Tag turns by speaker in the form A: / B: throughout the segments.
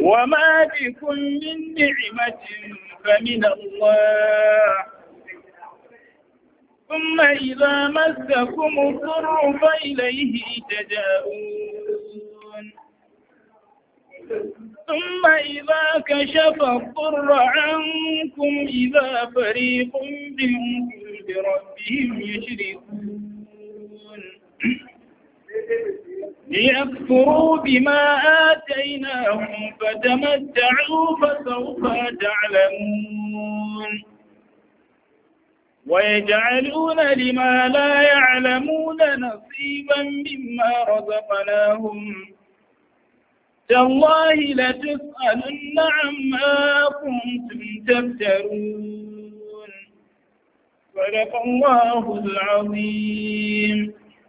A: وما بكم من نعمة فمن الله ثم إذا مسكم الضر فإليه تجاؤون ثم إذا كشف الضر عنكم إذا فريق منكم بربهم يشركون ليكفروا بما آتيناهم فتمتعوا فسوف تعلمون ويجعلون لما لا يعلمون نصيبا مما رزقناهم تالله لتسألن عما كنتم تفترون صدق الله العظيم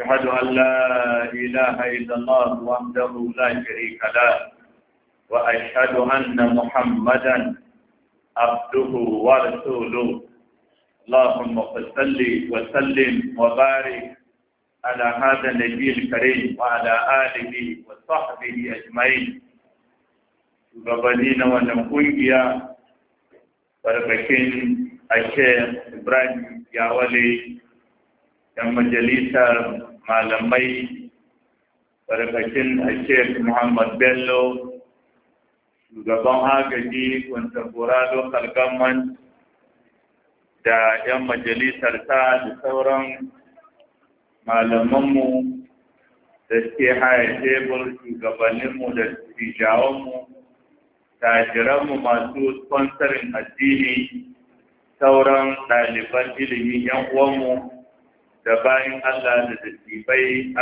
B: أشهد أن لا إله إلا الله وحده لا شريك له وأشهد أن محمدا عبده ورسوله اللهم صل وسلم وبارك على هذا النبي الكريم وعلى آله وصحبه أجمعين shugabanni na wannan kungiya barbakin a Ibrahim Yawale ‘yan majalisar malamai barkacin a sheikh muhammad bello shugaban agaji contemporado kalgamman da ‘yan majalisar ta da sauran malamanmu da suke haya tebur shugabanninmu da tijawanmu tajiranmu masu sponsorin addini sauran ɗaliban ilimin ‘yan uwanmu da bayan Allah da dattibai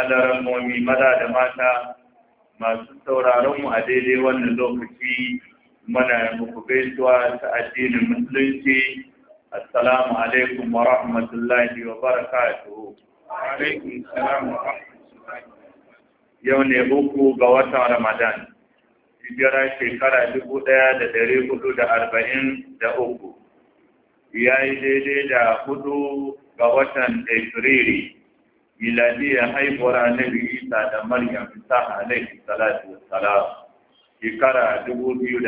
B: momi maza da mata masu sauraronmu a daidai wannan lokaci mana muku gaisuwa ta addinin musulunci assalamu alaikum wa rahmatullahi wa barakatuh yau ne uku ga watan ramadan hijira shekara dubu ɗaya da dari hudu da arba'in da uku ya yi daidai da hudu ga watan miladi ya haihuwar annabi Isa da Maryam Isa alaihi salatu salatu, shekara 2022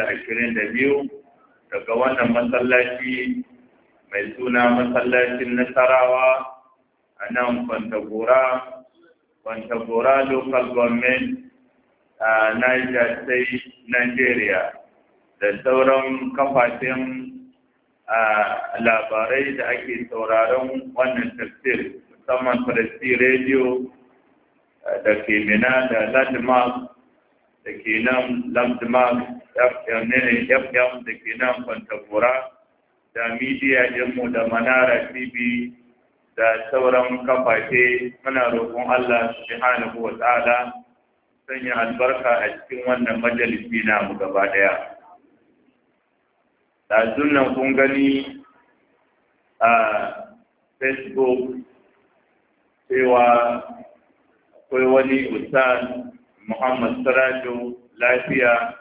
B: daga wannan masallaci mai suna masallacin Nasarawa a nan Kwantagora Kwantagora local government a Niger State, Nigeria da sauran kafafen A labarai da ake sauraron wannan tafsir musamman faransi Radio da ke Mina da Landmark da ke nan Landmark FM da ke nan Kwantagora da media ɗinmu da Manara TV da sauran kafafe muna roƙon Allah subhanahu wa ta'ala sanya albarka a cikin wannan majalisi mu gaba ɗaya. a nan kun gani a facebook cewa akwai wani usan muhammad sarajo lafiya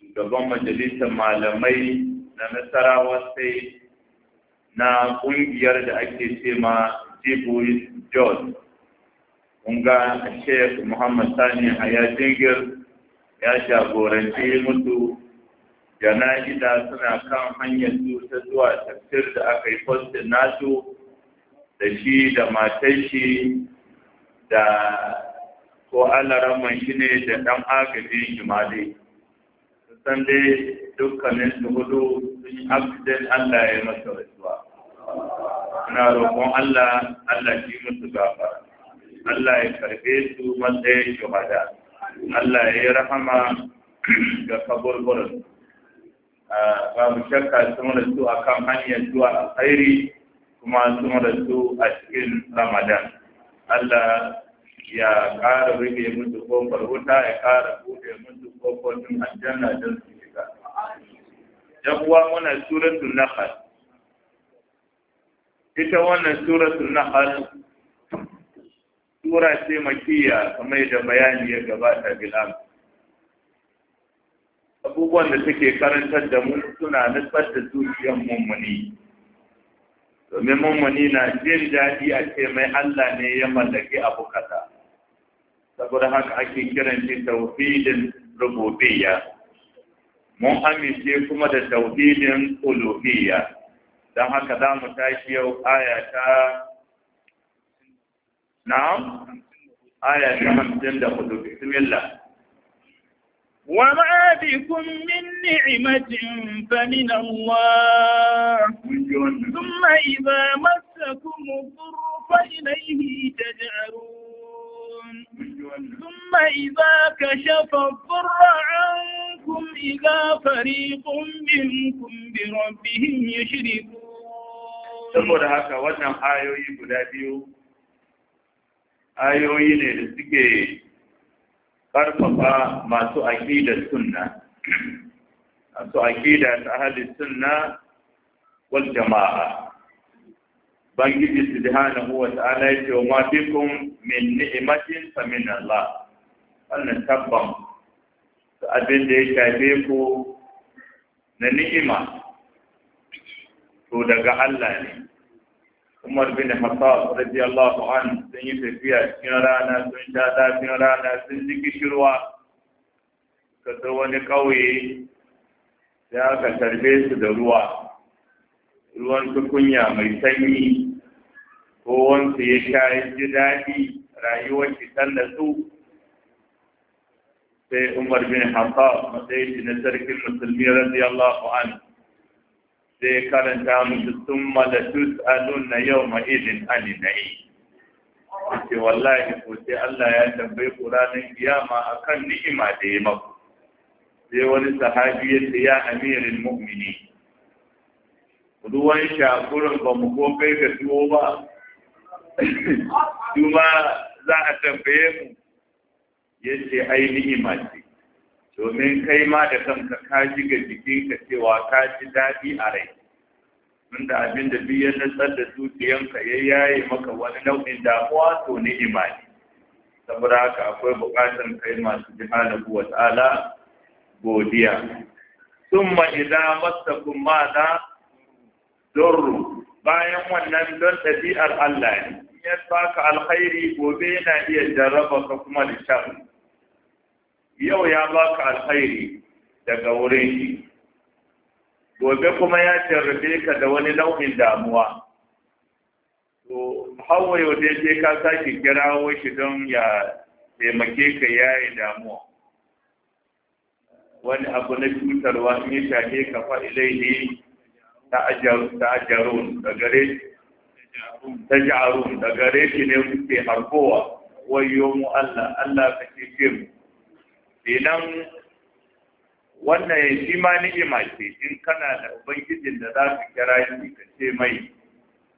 B: shugaban majalisar malamai na nasarawa sai na ƙungiyar da ake ce ma jibuis george kunga a muhammad sani a ya jingir ya jagoranci mutu gida suna kan hanyar su ta zuwa tafsir da aka yi postin nasu da shi da matan shi da ko alaraman shi ne da ɗan agajin shi ma dai san dai dukkanin su hudu sun yi accident Allah ya masa rasuwa suna roƙon Allah Allah shi musu gafa Allah ya karɓe su matsayin shuhada Allah ya yi rahama ga kaburburansu babu shakka sama da su a kan hanyar zuwa alkhairi kuma sama da su a cikin ramadan allah ya ƙara rike musu kofar wuta ya ƙara buɗe musu kofofin aljanna don su shiga yan uwa muna suratul nahl ita wannan suratul nahl sura ce makiya kamar da bayani ya gabata bilal abubuwan da suke karantar da mu suna nutsar da zuciyar mummuni domin mummuni na jin daɗi a ce mai Allah ne ya mallaki abu kaza saboda haka ake kiran shi tauhidin rububiyya mun amince kuma da tauhidin uluhiyya don haka za mu tashi yau aya ta na'am aya ta hamsin da hudu bismillah
A: وما بكم من نعمة فمن الله ثم إذا مسكم الضر فإليه تجعلون ثم إذا كشف الضر عنكم إذا فريق منكم بربهم يشركون
B: saboda haka wannan ayoyi guda biyu ayoyi ne da suke ƙarfafa masu aƙidar sunna masu aƙida ta ahalin sunna wal jama'a bangiji subhanahu wa ta'ala ya ce wa ma bikum min ni'matin fa min Allah wannan tabban abin da ya shafe ku na ni'ima to daga Allah ne Umar bin Khattab radiyallahu anhu sun yi tafiya cikin rana sun sha zafin rana sun ji kishirwa ka wani ƙauye sai aka tarbe su da ruwa ruwan tukunya mai sanyi ko wanda ya sha ya ji daɗi rayuwar shi tallatu sai Umar bin Hassan matsayin na sarkin musulmi radiyallahu anhu sai karanta musu sun malatus alunna yau ma'izin alinai ce wallahi ko sai Allah ya tambayi ƙuranin kiyama a kan ni'ima da ya maku sai wani sahabi ya ce ya amirin mu'mini ruwan shakurin ba mu ko kai ga tuwo ba kuma za a tambaye mu ya ce ai ni'ima ce domin kai ma da kanka ka ji ga jikinka cewa ka ji daɗi a rai tunda abin da duk ya nutsar da zuciyanka ya yaye maka wani nau'in damuwa to ni imani. saboda haka akwai buƙatar kai masu jihada wa ta'ala godiya summa idza massakum ma da durru bayan wannan don ɗabi'ar Allah ne ya baka alkhairi gobe na iya jarraba ka kuma da yau ya baka alkhairi daga wurin shi gobe kuma ya jarrabe ka da wani nau'in damuwa to hawa yau dai sai ka sake kirawo shi don ya taimake ka yayi damuwa wani abu na cutarwa in ya shafe ka fa ilaihi ta'ajjarun da gare taj'arun da gare shi ne kuke harkowa wayo mu Allah Allah ka ce mu idan wannan ya shi ma ni'ima ce in kana da ubangijin da za ka kira shi ka ce mai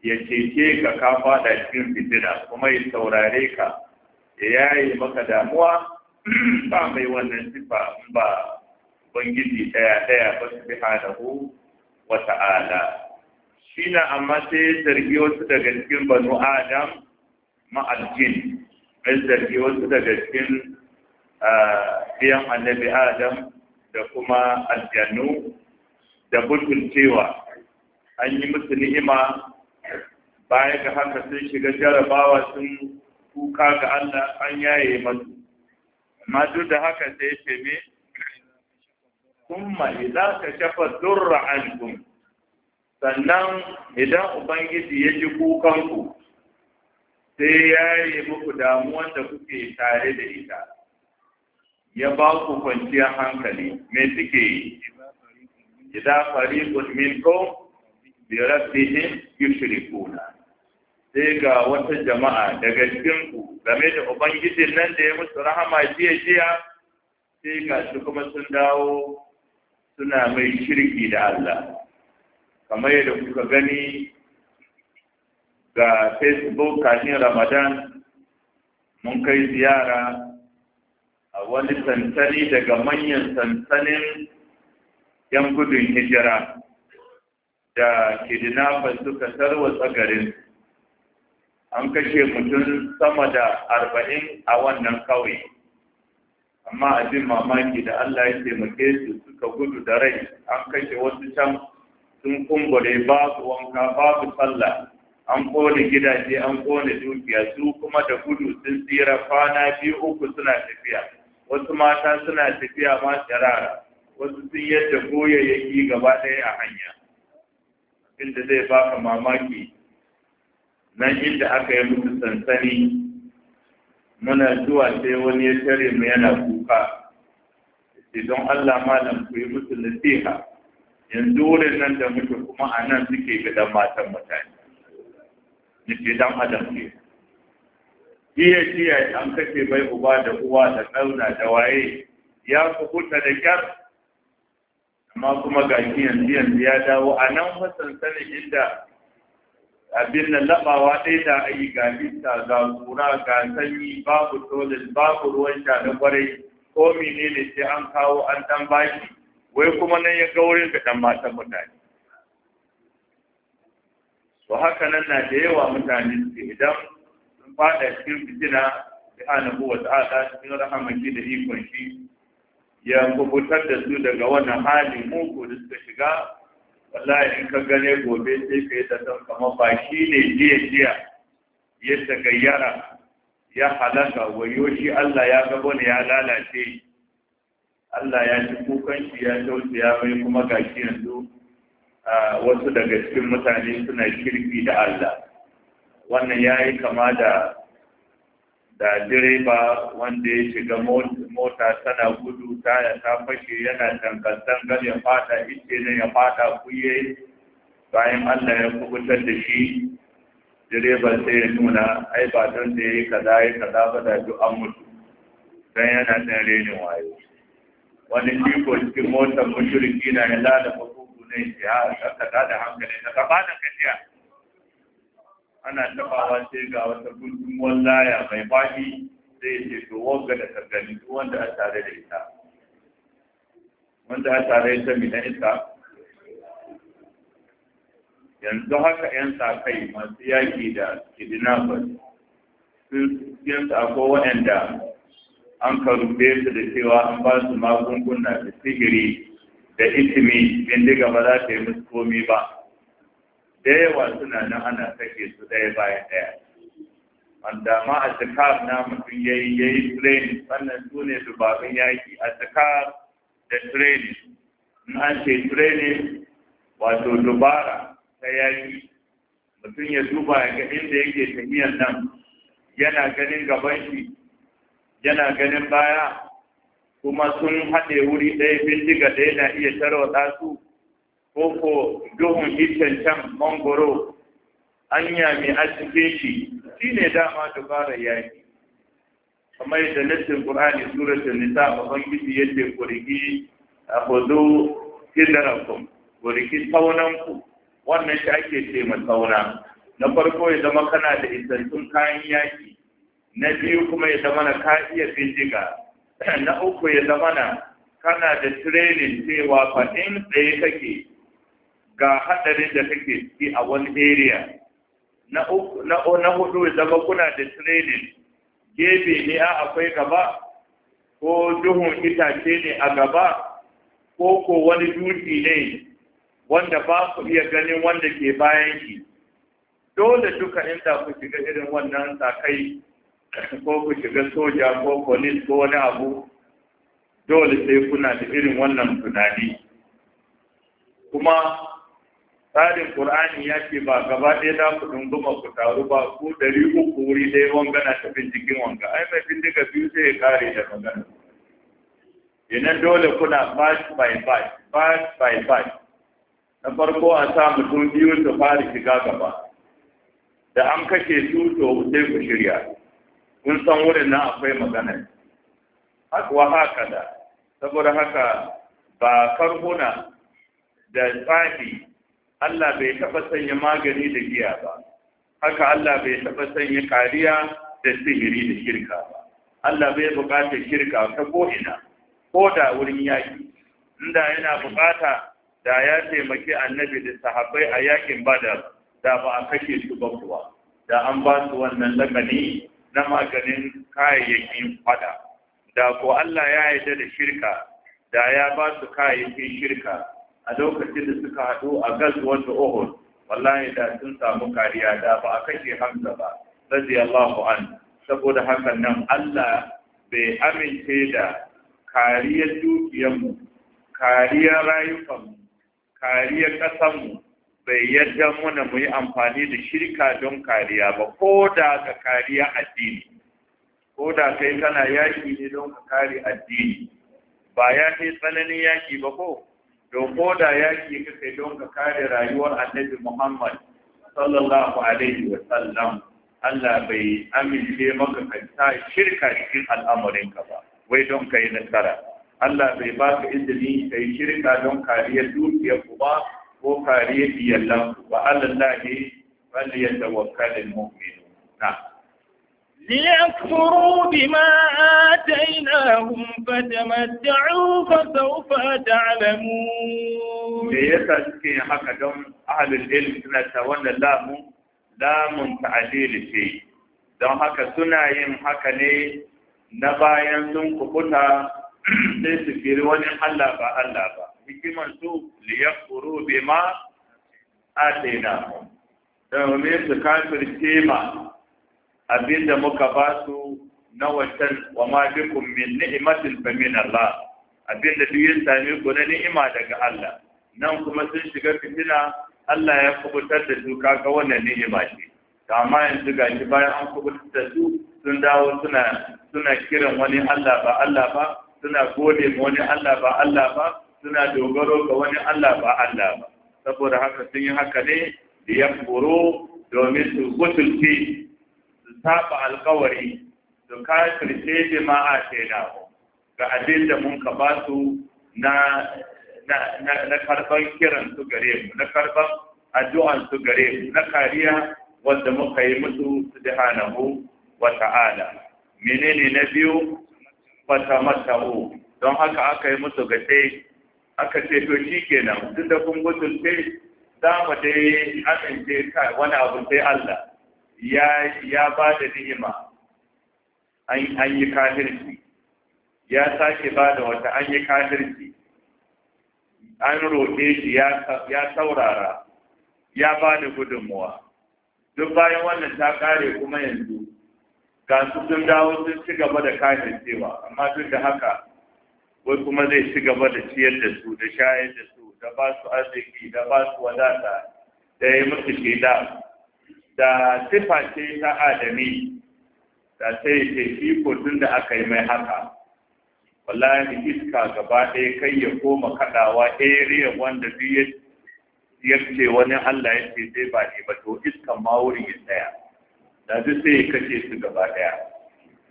B: ya cece ka ka fada cikin fitina kuma ya saurare ka ya yaye maka damuwa ba mai wannan sifa ba ubangiji daya daya ba su bihanahu wa ta'ala shi na amma sai ya zargi wasu daga cikin banu adam ma'aljin ya zargi wasu daga cikin ah, biyan annabi adam da kuma aljanu da cewa an yi musu ni'ima baya ga haka sun shiga jarabawa sun kuka ga Allah an yaye masu amma duk da haka sai ce me kuma idza ka shafa durra ankum sannan idan ubangiji ya ji kukanku sai yaye muku damuwan da kuke tare da ita ya ba ku kwanciyar hankali me suke yi idza fariqun minkum bi rabbihim yushrikuna sai ga wata jama'a daga cikin ku game da ubangijin nan da ya musu rahama jiya jiya sai ga su kuma sun dawo suna mai shirki da Allah kamar yadda kuka gani ga facebook kafin ramadan mun kai ziyara a wani sansani daga manyan sansanin yan gudun hijira da kidnappers suka tarwatsa garin an kashe mutum sama da arba'in a wannan kawai amma abin mamaki da Allah ya taimake su suka gudu da rai an kashe wasu can sun kumbure babu wanka babu sallah an kone gidaje an kone dukiya su kuma da gudu sun tsira kwana biyu uku suna tafiya wasu mata suna tafiya ma tsirara wasu sun yadda goyayyaki gaba ɗaya a hanya inda zai baka mamaki nan inda aka yi musu sansani muna zuwa sai wani ya tare mu yana kuka sai don Allah malam ku yi musu nasiha yanzu wurin nan da muke kuma a nan suke gidan matan mutane ni dan adam ne jiya jiya an kake bai uba da uwa da ƙauna da waye ya kubuta da kyar amma kuma ga shi yanzu yanzu ya dawo a nan fasan sanin inda abin da labawa ɗaya da ayi ga lista ga kura ga sanyi babu tolin babu ruwan sha da kwarai ko menene sai an kawo an dan baki wai kuma nan ya ga wurin dan matan mutane to haka nan na da yawa mutane su idan fada cikin fitina subhanahu wa ta'ala cikin rahamaki da ikon shi ya kubutar da su daga wannan hali muku da suka shiga wallahi in ka gane gobe sai ka yi da san kamar ba shi ne jiya jiya ya tagayyara ya halaka wayo shi Allah ya ga wani ya lalace Allah ya ci kukan shi ya ya mai kuma gashi yanzu ah, wasu daga cikin mutane suna kirki da Allah wannan ya yi kama da da direba wanda ya shiga mota tana gudu taya ta fashe yana tankantangar ya fata ice ne ya fada kuye bayan allah ya kubutar da shi direban sai ya nuna ai ba don da ya yi kaza ya kaza ba da duk an mutu don yana ɗan renin wayo wani iko cikin motar mashirki na ya lalata kuku ne ya kaza da hankali na gaba da gajiya ana dafawa sai ga wata gundun wallaya mai baki zai ce to wanga da ka duk wanda a tare da ita wanda a tare da mina ita yanzu haka yan sa kai masu yaki da kidnapper sun yan sa ko waɗanda an karube su da cewa an ba su magunguna da sigiri da itimi bindiga gaba za ta yi musu komi ba da yawa suna nan ana sake su ɗaya bayan ɗaya wanda ma a tsakar na mutum ya yi ya yi training sannan su ne dubabin yaƙi a tsakar da training in an ce training wato dubara ta yaƙi mutum ya duba ya ga inda yake tahiyar nan yana ganin gaban shi yana ganin baya kuma sun haɗe wuri ɗaya bindiga ɗaya na iya tarwatsa su ko ko duhun iccen can mangoro anya mai a cikin shi shi ne dama dubara yaki kamar yadda lissin qur'ani suratul nisa ubangiji yace ku riki akhudu kidrakum ku taunanku wannan shi ake ce ma tauna na farko ya zama kana da isassun kayan yaki na biyu kuma ya zama na ka iya bindiga na uku ya zama na kana da training cewa fa in tsaye kake ga haɗarin da kake ciki a wani area na hudu zama kuna da training gebe ne a akwai gaba ko duhun itace ne a gaba ko ko wani dutse ne wanda ba ku iya ganin wanda ke bayan ki dole duka inda ku shiga irin wannan sakai ko ku shiga soja ko police ko wani abu dole sai kuna da irin wannan tunani kuma tsarin Qur'ani ya ce ba gaba ɗaya za ku dunguma ku taru ba ku ɗari uku wuri ɗaya na ta bincikin wanga ai mai bindiga biyu sai ya kare da magana Ina dole kuna batch by batch batch by batch na farko a sa mutum biyu su fara shiga gaba da an kashe su to sai ku shirya kun san wurin nan akwai magana haka wa haka da saboda haka ba karhuna da tsafi Allah bai taɓa sanya magani da giya ba haka Allah bai taɓa sanya kariya da sihiri da shirka ba Allah bai buƙatar shirka ta ko'ina ko da wurin yaƙi inda yana buƙata da ya taimaki annabi da sahabbai a yakin badar da ba a kashe su ba kuwa da an ba su wannan lakani na maganin kayayyakin fada da ko Allah ya yarda da shirka da ya ba su kayayyakin shirka a lokacin da suka haɗu a gas wata ohun wallahi da sun samu kariya da ba a kashe hamza ba radiyallahu an saboda hakan nan Allah bai amince da kariyar dukiyarmu kariyar rayukanmu kariyar ƙasarmu bai yarda muna mu yi amfani da shirka don kariya ba ko da ka kariya addini ko da kai kana yaƙi ne don ka kare addini ba ya kai tsananin yaƙi ba ko don ko yaki ka kai don ka kare rayuwar annabi Muhammad sallallahu alaihi wa sallam Allah bai amince maka ka ta shirka cikin al'amarin ka ba wai don ka yi nasara Allah bai ba ka izini ka yi shirka don kariyar dukiyar ku ba ko kariyar iyalan ku ba Allah ne wanda ya tawakkalin mu'minu na
A: ليكفروا بما آتيناهم فتمتعوا فسوف تعلمون me
B: yasa suke haka don ahlul ilm suna ta wannan lamu lamun ta'lil ce don haka suna yin haka ne na bayan sun kubuta sai su kiri wani Allah ba Allah ba hikimar su liyakuru bima atayna su ma Abin da muka ba su na wancan wa ma bikum min ni'matin fa min Allah abinda duk ya same ku na ni'ima daga Allah nan kuma sun shiga fitina Allah ya kubutar da su kaga wannan ni'ima ce amma yanzu ga shi bayan an kubutar da su sun dawo suna suna kiran wani Allah ba Allah ba suna gode ma wani Allah ba Allah ba suna dogaro ga wani Allah ba Allah ba saboda haka sun yi haka ne da ya domin su gutulci saba alkawari su kafirce bi ma a shaida ga abin da mun ka ba su na na karban kiran su gare mu na karban addu'an su gare mu na kariya wanda muka yi musu subhanahu wa ta'ala menene na biyu mata'u don haka aka yi musu gace aka ce to shikenan tunda kun sai za mu dai kai wani abu sai Allah ya ba da ni'ima an yi kafirci ya sake ba da wata an yi kafirci an roƙe shi ya saurara ya ba da gudunmuwa duk bayan wannan ta kare kuma yanzu ga su sun dawo sun ci gaba da kafircewa amma duk da haka wai kuma zai ci gaba da ciyar da su da shayar da su da ba su arziki da ba su wadata da ya yi musu shaida da sifa ce ta adami da sai ce shi ko da aka yi mai haka wallahi iska gaba ɗaya kai ya koma kaɗawa area wanda duk ya ce wani Allah ya ce sai ba ne ba to iskan ma wurin ya tsaya da duk sai ya kashe su gaba ɗaya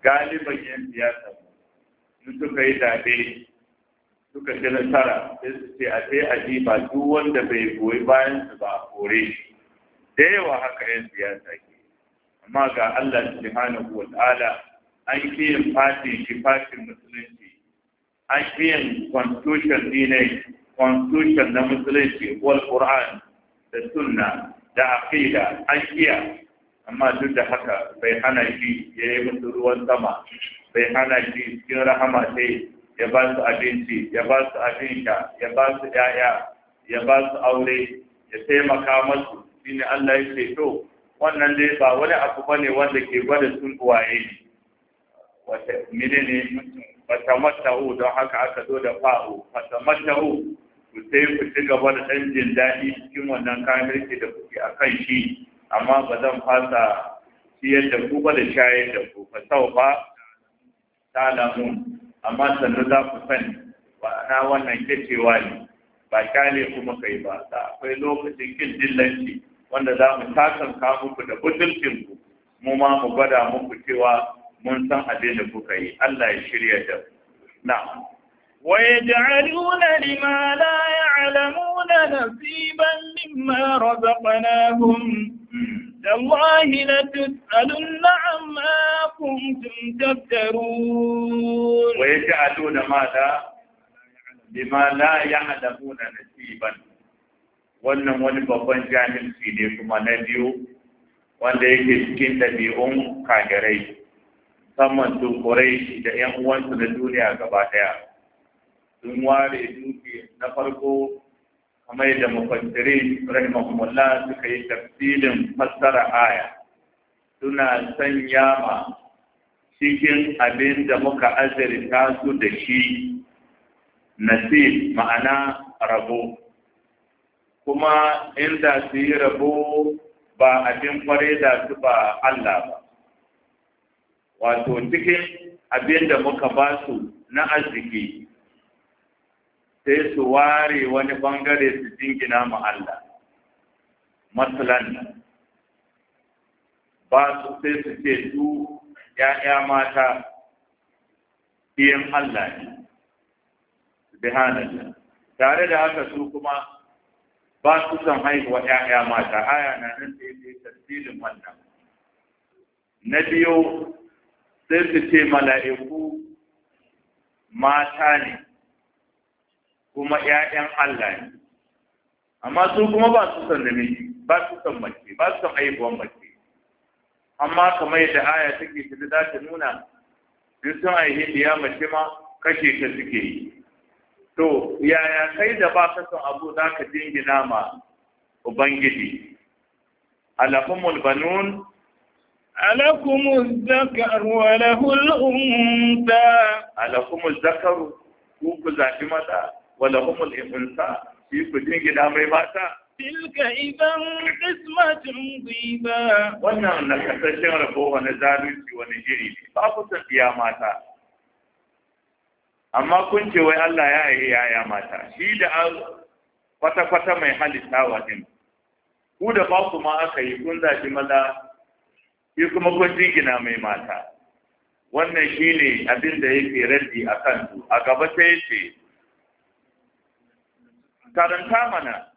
B: galiban yan siyasa su suka yi zaɓe, suka ci nasara sai su ce a sai a ba duk wanda bai goyi bayan su ba a kore shi da yawa haka yan siyasa ke amma ga Allah subhanahu wa ta'ala an kiyin fati shi fatin musulunci an kiyin constitution dinai constitution na musulunci wal qur'an da sunna da aqida an kiya amma duk da haka bai hana shi ya yi musu ruwan sama bai hana shi cikin rahama sai ya ba su abinci ya ba su abin sha ya ba su 'ya'ya ya ba su aure ya taimaka masu shine Allah yake to wannan dai ba wani abu bane wanda ke gwada sun uwaye ne wata menene wata matahu don haka aka zo da fa'u wata matahu ku sai ku ci gaba da ɗan jin daɗi cikin wannan kayan mulki da kuke a kan shi amma ba zan fasa siyar da ku ba da shayar da ku fa sau ba talamun amma sannu za ku sani ba na wannan kecewa ne ba kyale kuma kai ba akwai lokacin kin dillanci wanda za mu takanka muku da butulcin ku mu ma mu gwada muku cewa mun san abin da kuka yi Allah ya shirya da na
A: ويجعلون لما لا يعلمون نصيبا مما رزقناهم تالله لتسألن عما كنتم
B: تفترون ويجعلون ماذا لما لا يعلمون نصيبا wannan wani babban jahilci ne kuma na biyu wanda yake cikin ɗabi'un kagirai musamman tunkurai da 'yan uwansu na duniya gaba ɗaya sun ware duki na farko kamar yadda mufassiri rahimahumullah suka yi tafsirin fassara aya suna sanya ma cikin abin da muka azirta su da shi nasib ma'ana rabo kuma inda su yi rabo ba a abin kware da su ba Allah ba. Wato cikin abin da muka ba su na arziki sai su ware wani bangare su jingina ma Allah. Matsalan ba su sai su ce su ‘ya'ya mata biyan Allah ne, Bihanallah. Tare da haka su kuma ba su son haihuwa ‘ya'ya mata aya na nan da yake tasirin wannan. Na biyu sai su ce mala'iku mata ne kuma ‘ya'yan Allah ne, amma su kuma ba su son namiji, ba su son mace, ba su son haihuwan mace. Amma kamar yadda aya take ta za ta nuna, duk sun haihe ya mace ma kashe ta suke yi. to yaya kai da ba ka son abu za ka dingina ma ubangiji alakumul banun alakumul zakar wa lahul unta alakumul zakar ku ku zafi mata wa lahumul unta shi ku dingina mai mata
A: tilka idan qismatun diba
B: wannan nakasashen rabo wani zalunci wani jiri ba ku san biya mata amma kun ce wai Allah ya yi yaya mata shi da kwata-kwata mai halittawa din ku da ba kuma aka yi kun zafi maza shi kuma kun jigina mai mata wannan shi ne abin da yake raddi a kan su a gaba sai ce karanta mana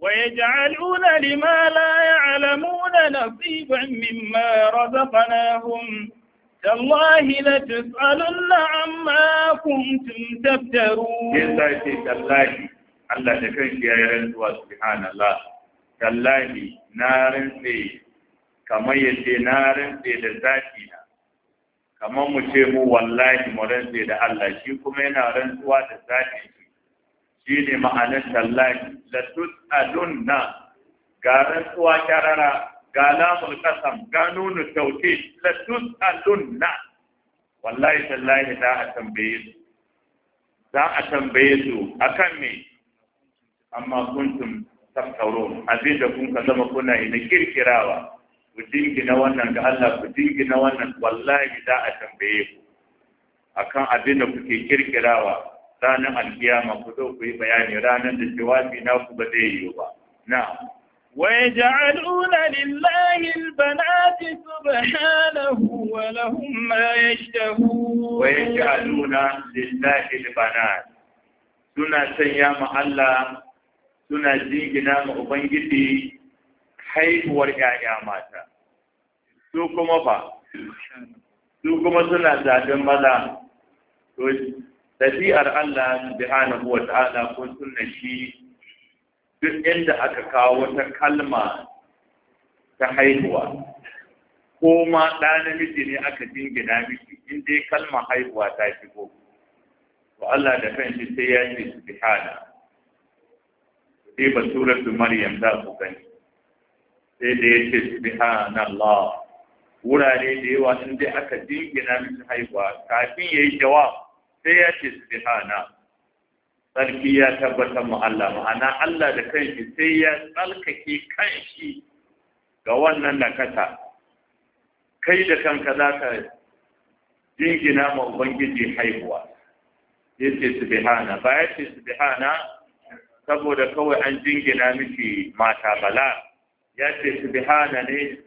A: ويجعلون لما لا يعلمون نصيبا مما رزقناهم Tallahi la tusalun na amma kun tun tabtaru. Yesa
B: ce, Tallahi, Allah da kan shi yayi rantu su hana Allah, na rantse, kamar ya ce na rantse da zafi na, mu ce mu wallahi mu rantse da Allah shi kuma yana rantu da zafi shi, shi ne ma'anar Tallahi, la tusalun na, ga rantuwa kyarara ga mulkasam gano na nunu la la na. wallahi tallahi za a tambaye su za a tambaye su akan me amma kuntum tafkaru abin da kun ka zama kuna na kirkirawa ku dingina wannan ga Allah ku dingina wannan wallahi za a tambaye ku akan abin da kuke kirkirawa ranar alkiyama ku zo ku yi bayani ranar da jawabi na ku ba zai yiwu ba na'am
A: ويجعلون لله البنات سبحانه ولهم ما يشتهون
B: ويجعلون لله البنات سنة سيام الله سنة زيجنا مؤبنجتي حيث ورقا يا ماتا سوكم فا سوكم سنة زادن ملا تسيئر الله سبحانه وتعالى كن سنة شيء duk inda aka kawo wata kalma ta haihuwa ko ma ɗa namiji ne aka jingina miki in dai kalma haihuwa ta shigo to Allah da kanshi sai ya ce ba sai basuratu maryam za ku gani sai da ya ce subhana Allah wurare da yawa in dai aka jingina miki haihuwa kafin yayi jawab sai ya ce subhana tsarki ya tabbatar mu Allah ma'ana Allah da kanshi sai ya tsarkake kanshi ga wannan nakata. kai da kanka za ka jingina ma Ubangiji haihuwa ya ce su bihana. ba ya ce su bihana saboda kawai an jingina miki mata bala ya ce su bihana ne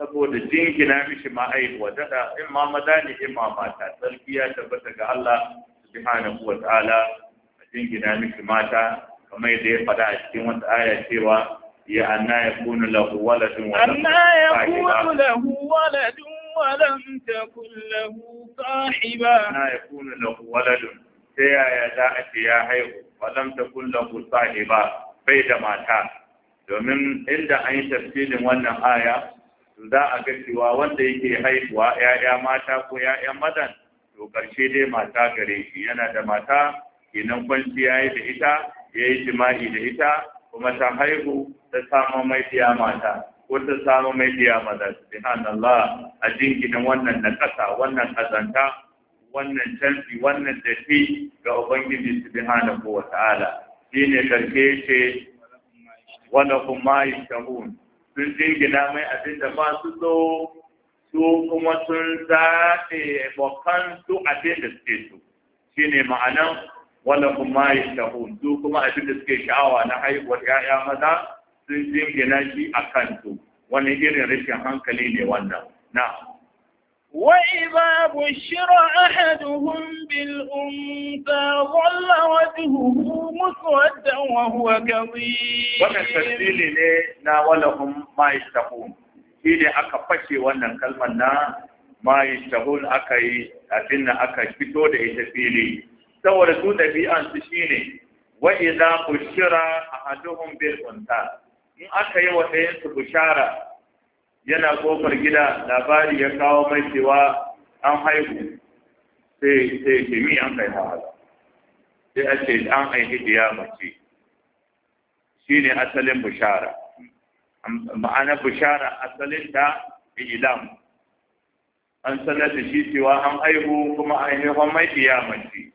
B: saboda jingina miki ma'aihuwa dada in ma maza ne in ma mata tsarki ya tabbata ga Allah subhanahu wa ta'ala jingina miki mata kamar yadda ya faɗa a cikin wata aya cewa ya anna ya kunu lahu waladun
A: walam takun lahu sahiba
B: anna waladun sai yaya za a ce ya haihu walam takun lahu sahiba bai da mata domin inda an yi tafsirin wannan aya za a ga cewa wanda yake haihuwa ‘ya'ya mata ko ‘ya'yan mazan to karshe dai mata gare shi yana da mata kenan kwanci ya yi da ita ya yi jima'i da ita kuma ta haihu ta samu mai biya mata ko ta samu mai biya maza subhanallah a jinkirin wannan na ƙasa wannan ƙazanta wannan canfi wannan dafi ga ubangiji subhanahu wa ta'ala ne karfe ce wanda kuma shahun sun jingina mai abin da ba su so su kuma sun zaɓe bakan su abin da suke so ne ma'anan wala kuma ya shahu duk kuma abin da suke sha'awa na haihuwar ya'ya maza sun jingina shi a kansu wani irin rashin hankali ne wannan na shiro
A: وإذا بشر أحدهم بالأنثى ظل وجهه مسودا
B: وهو كظيم wannan tasdili ne na walahum ma yashtaqun shi ne aka fashe wannan kalmar na ma yashtaqun aka yi abin aka fito da ita fili saboda su ɗabi'an su shine wa idza a ahaduhum bil unta in aka yi wa ɗayan bushara yana kofar gida labari ya kawo mai cewa an haihu sai sai ce mi an kai hawa sai a ce an haihu ya mace ne asalin bushara ma'ana bushara asalin da ilam an sanar da shi cewa an haihu kuma ainihin mai diya mace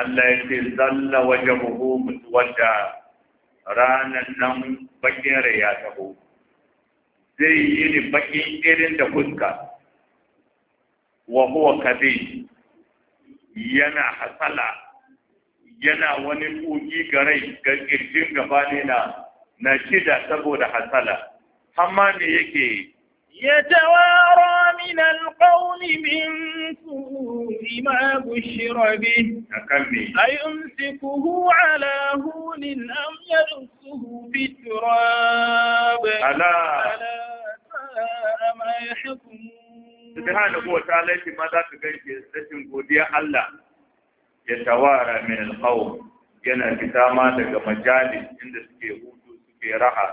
B: Allah ya ce zalla waje buhu wadda ranar nan bakin rai ya taho zai yi ni bakin irin da fuska wa huwa kabe yana hasala yana wani kogi ga rai ga kirjin gaba ne na na shida saboda hasala amma me yake
A: ya tawara من القول من سوء ما بشر به أيمسكه على هون أم يدسه في التراب ألا ساء ما يحكمون subhanahu
B: wataala yake ma za ka ganke rashin godiya Allah ya tawara min alƙawo yana fita ma daga majalis inda suke hutu suke raha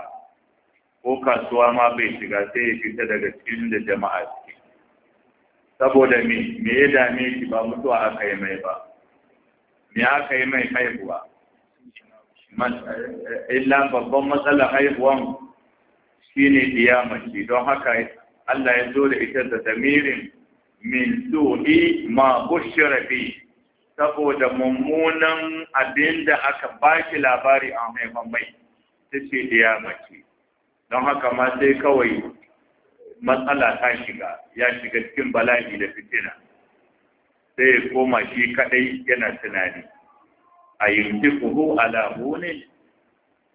B: ko kasuwa ma bai shiga sai ya fita daga cikin da jama'a saboda me me ya dame shi ba mutuwa aka yi mai ba me aka yi mai haihuwa illa babban matsala haihuwan shi ne ɗiyamaci don haka Allah ya zo da ita da damirin min su'i ma bushira saboda mummunan abin da aka baki labari a haifan mai ta ce don haka ma sai kawai matsala ta shiga ya shiga cikin bala'i da fitina sai ya koma shi kadai yana tunani a yanzu kuhu alamu ne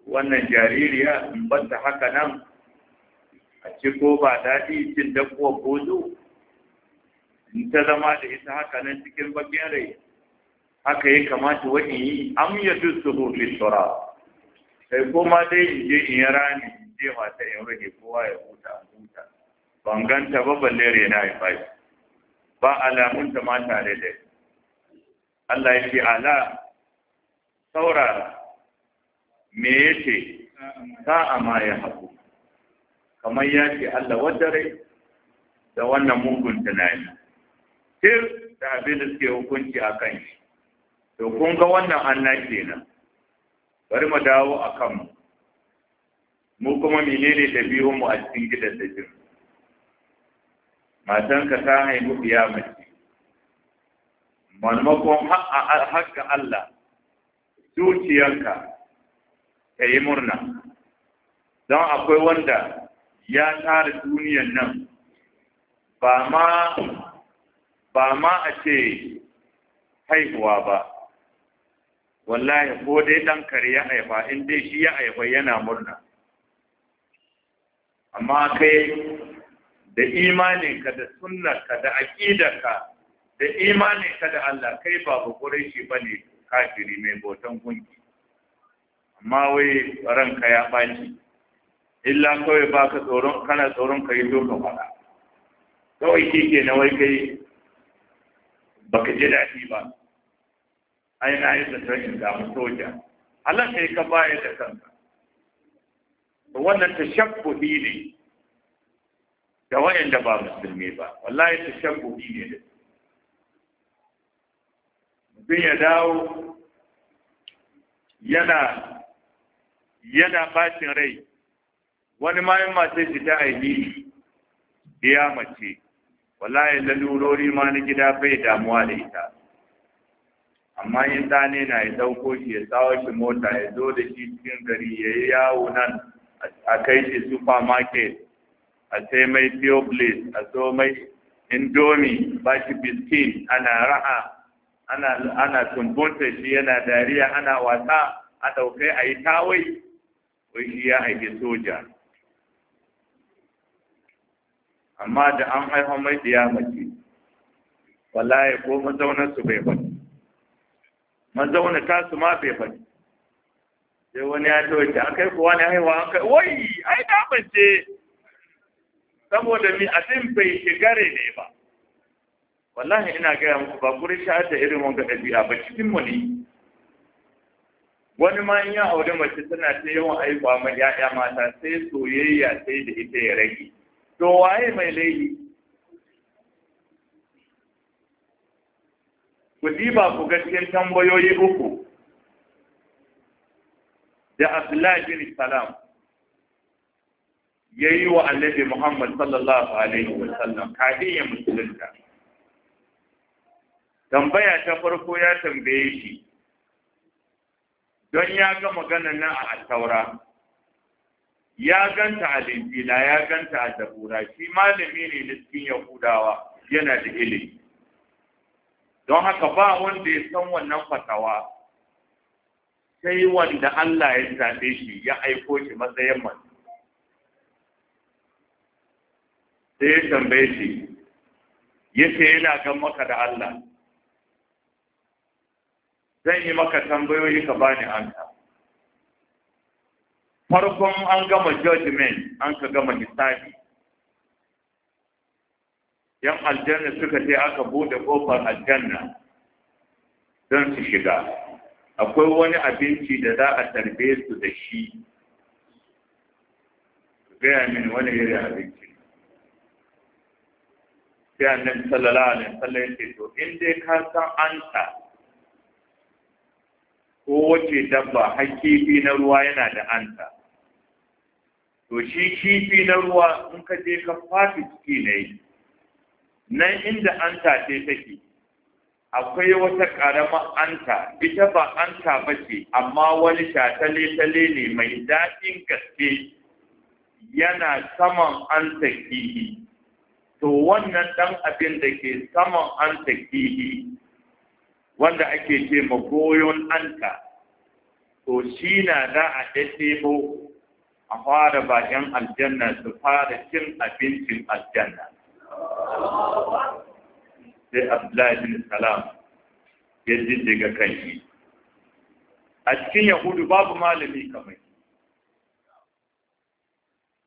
B: wannan jaririya in banta haka nan a ci ko ba daɗi cin dakuwa gozo in ta zama da ita haka nan cikin bakin rai haka ya kamata wani yi am ya dusu hufi tsora sai koma dai in je in yi rani in je wata in rage kowa ya huta ban ganta ba balle rena ba alamun ta ma tare da Allah ya ala saurara me yace sa'a amma ya haku kamar ya ce Allah wadare da wannan mugun tunani sir da abin da suke hukunci a kan shi to kun ga wannan Allah kenan bari mu dawo a kanmu mu kuma menene da biyo mu a cikin gidan da jin matanka ta haihu biya mace maimakon haƙƙa Allah zuciyanka ka yi murna don akwai wanda ya tara duniyan nan ba ma ba ma a ce haihuwa ba wallahi ko dai ɗan kare ya haifa in dai shi ya haifa yana murna amma kai da imaninka da sunnarka da aƙidarka da imaninka da Allah kai ba bakurai bane ne kafiri mai botan gunki amma wai ranka ya ɓaci illa kawai ba ka tsoron kana tsoron ka yi doka faɗa kawai shi na wai kai ba ka ji daɗi ba ai na yi zaton in damu soja Allah kai ka baya da kanka wannan tashabbuhi ne da da ba musulmi ba wallahi tashabbuhi ne da mutum ya dawo yana yana bacin rai wani mayan mace shi ta aini biya mace wallahi lalurori ma na gida bai damuwa da ita amma yin ɗa na ya ɗauko shi ya tsawo shi mota ya zo da shi cikin gari ya yi yawo nan a kai shi supermarket a sai mai theoblis a so mai indomi ba shi biskin ana raha ana ana tumbunta shi yana dariya ana wasa a ɗaukai a yi tawai wai shi ya haifi soja amma da an haifa mai mace wallahi ko mazaunar su bai faɗi mazaunar su ma bai faɗi sai wani ya tawaita akai kuwa ne haihuwa an kai wai ai da mace saboda mi abin bai shigare ne ba wallahi ina gaya muku ba kuri sha da irin wanga ɗabi'a ba cikin mu ne wani ma in ya aure mace tana ta yawan aikuwa ma ya'ya mata sai soyayya sai da ita ya rage to waye mai laifi ku diba ku ga tambayoyi uku da Abdullahi bin Salam ya yi wa annabi Muhammad sallallahu Alaihi wa kafin ya musulunta. Tambaya ta farko ya tambaye shi, don ya ga magana nan a attaura, ya ganta a ya ganta a Zabura, shi malami ne na cikin Yahudawa yana da ilimi. Don haka ba wanda ya san wannan fatawa, sai wanda Allah ya zaɓe shi ya aiko shi matsayin mutum. sai ya tambaye shi yace yana gan maka da Allah zan yi maka tambayoyi ka bani anka farkon an gama judgment an ka gama hisabi yan aljanna suka ce aka bude kofar aljanna don su shiga akwai wani abinci da za a tarbe su da shi gaya mini wani irin abinci sai annabi sallallahu alaihi wasallam ya ce to in dai ka san anta ko wace dabba har kifi na ruwa yana da anta to shi kifi na ruwa in ka je ka fafi ciki ne nan inda anta ce take akwai wata ƙarama anta ita ba anta ba ce amma wani shatale-tale ne mai daɗin gaske yana saman anta kifi to wannan dan abin da ke saman an kihi wanda ake ce ma goyon anta to shi na za a ɗaɗɗebo a fara bayan aljanna su fara cin abincin aljanna sai abdullahi bin salam ya ji kan shi a cikin yahudu babu malami kamar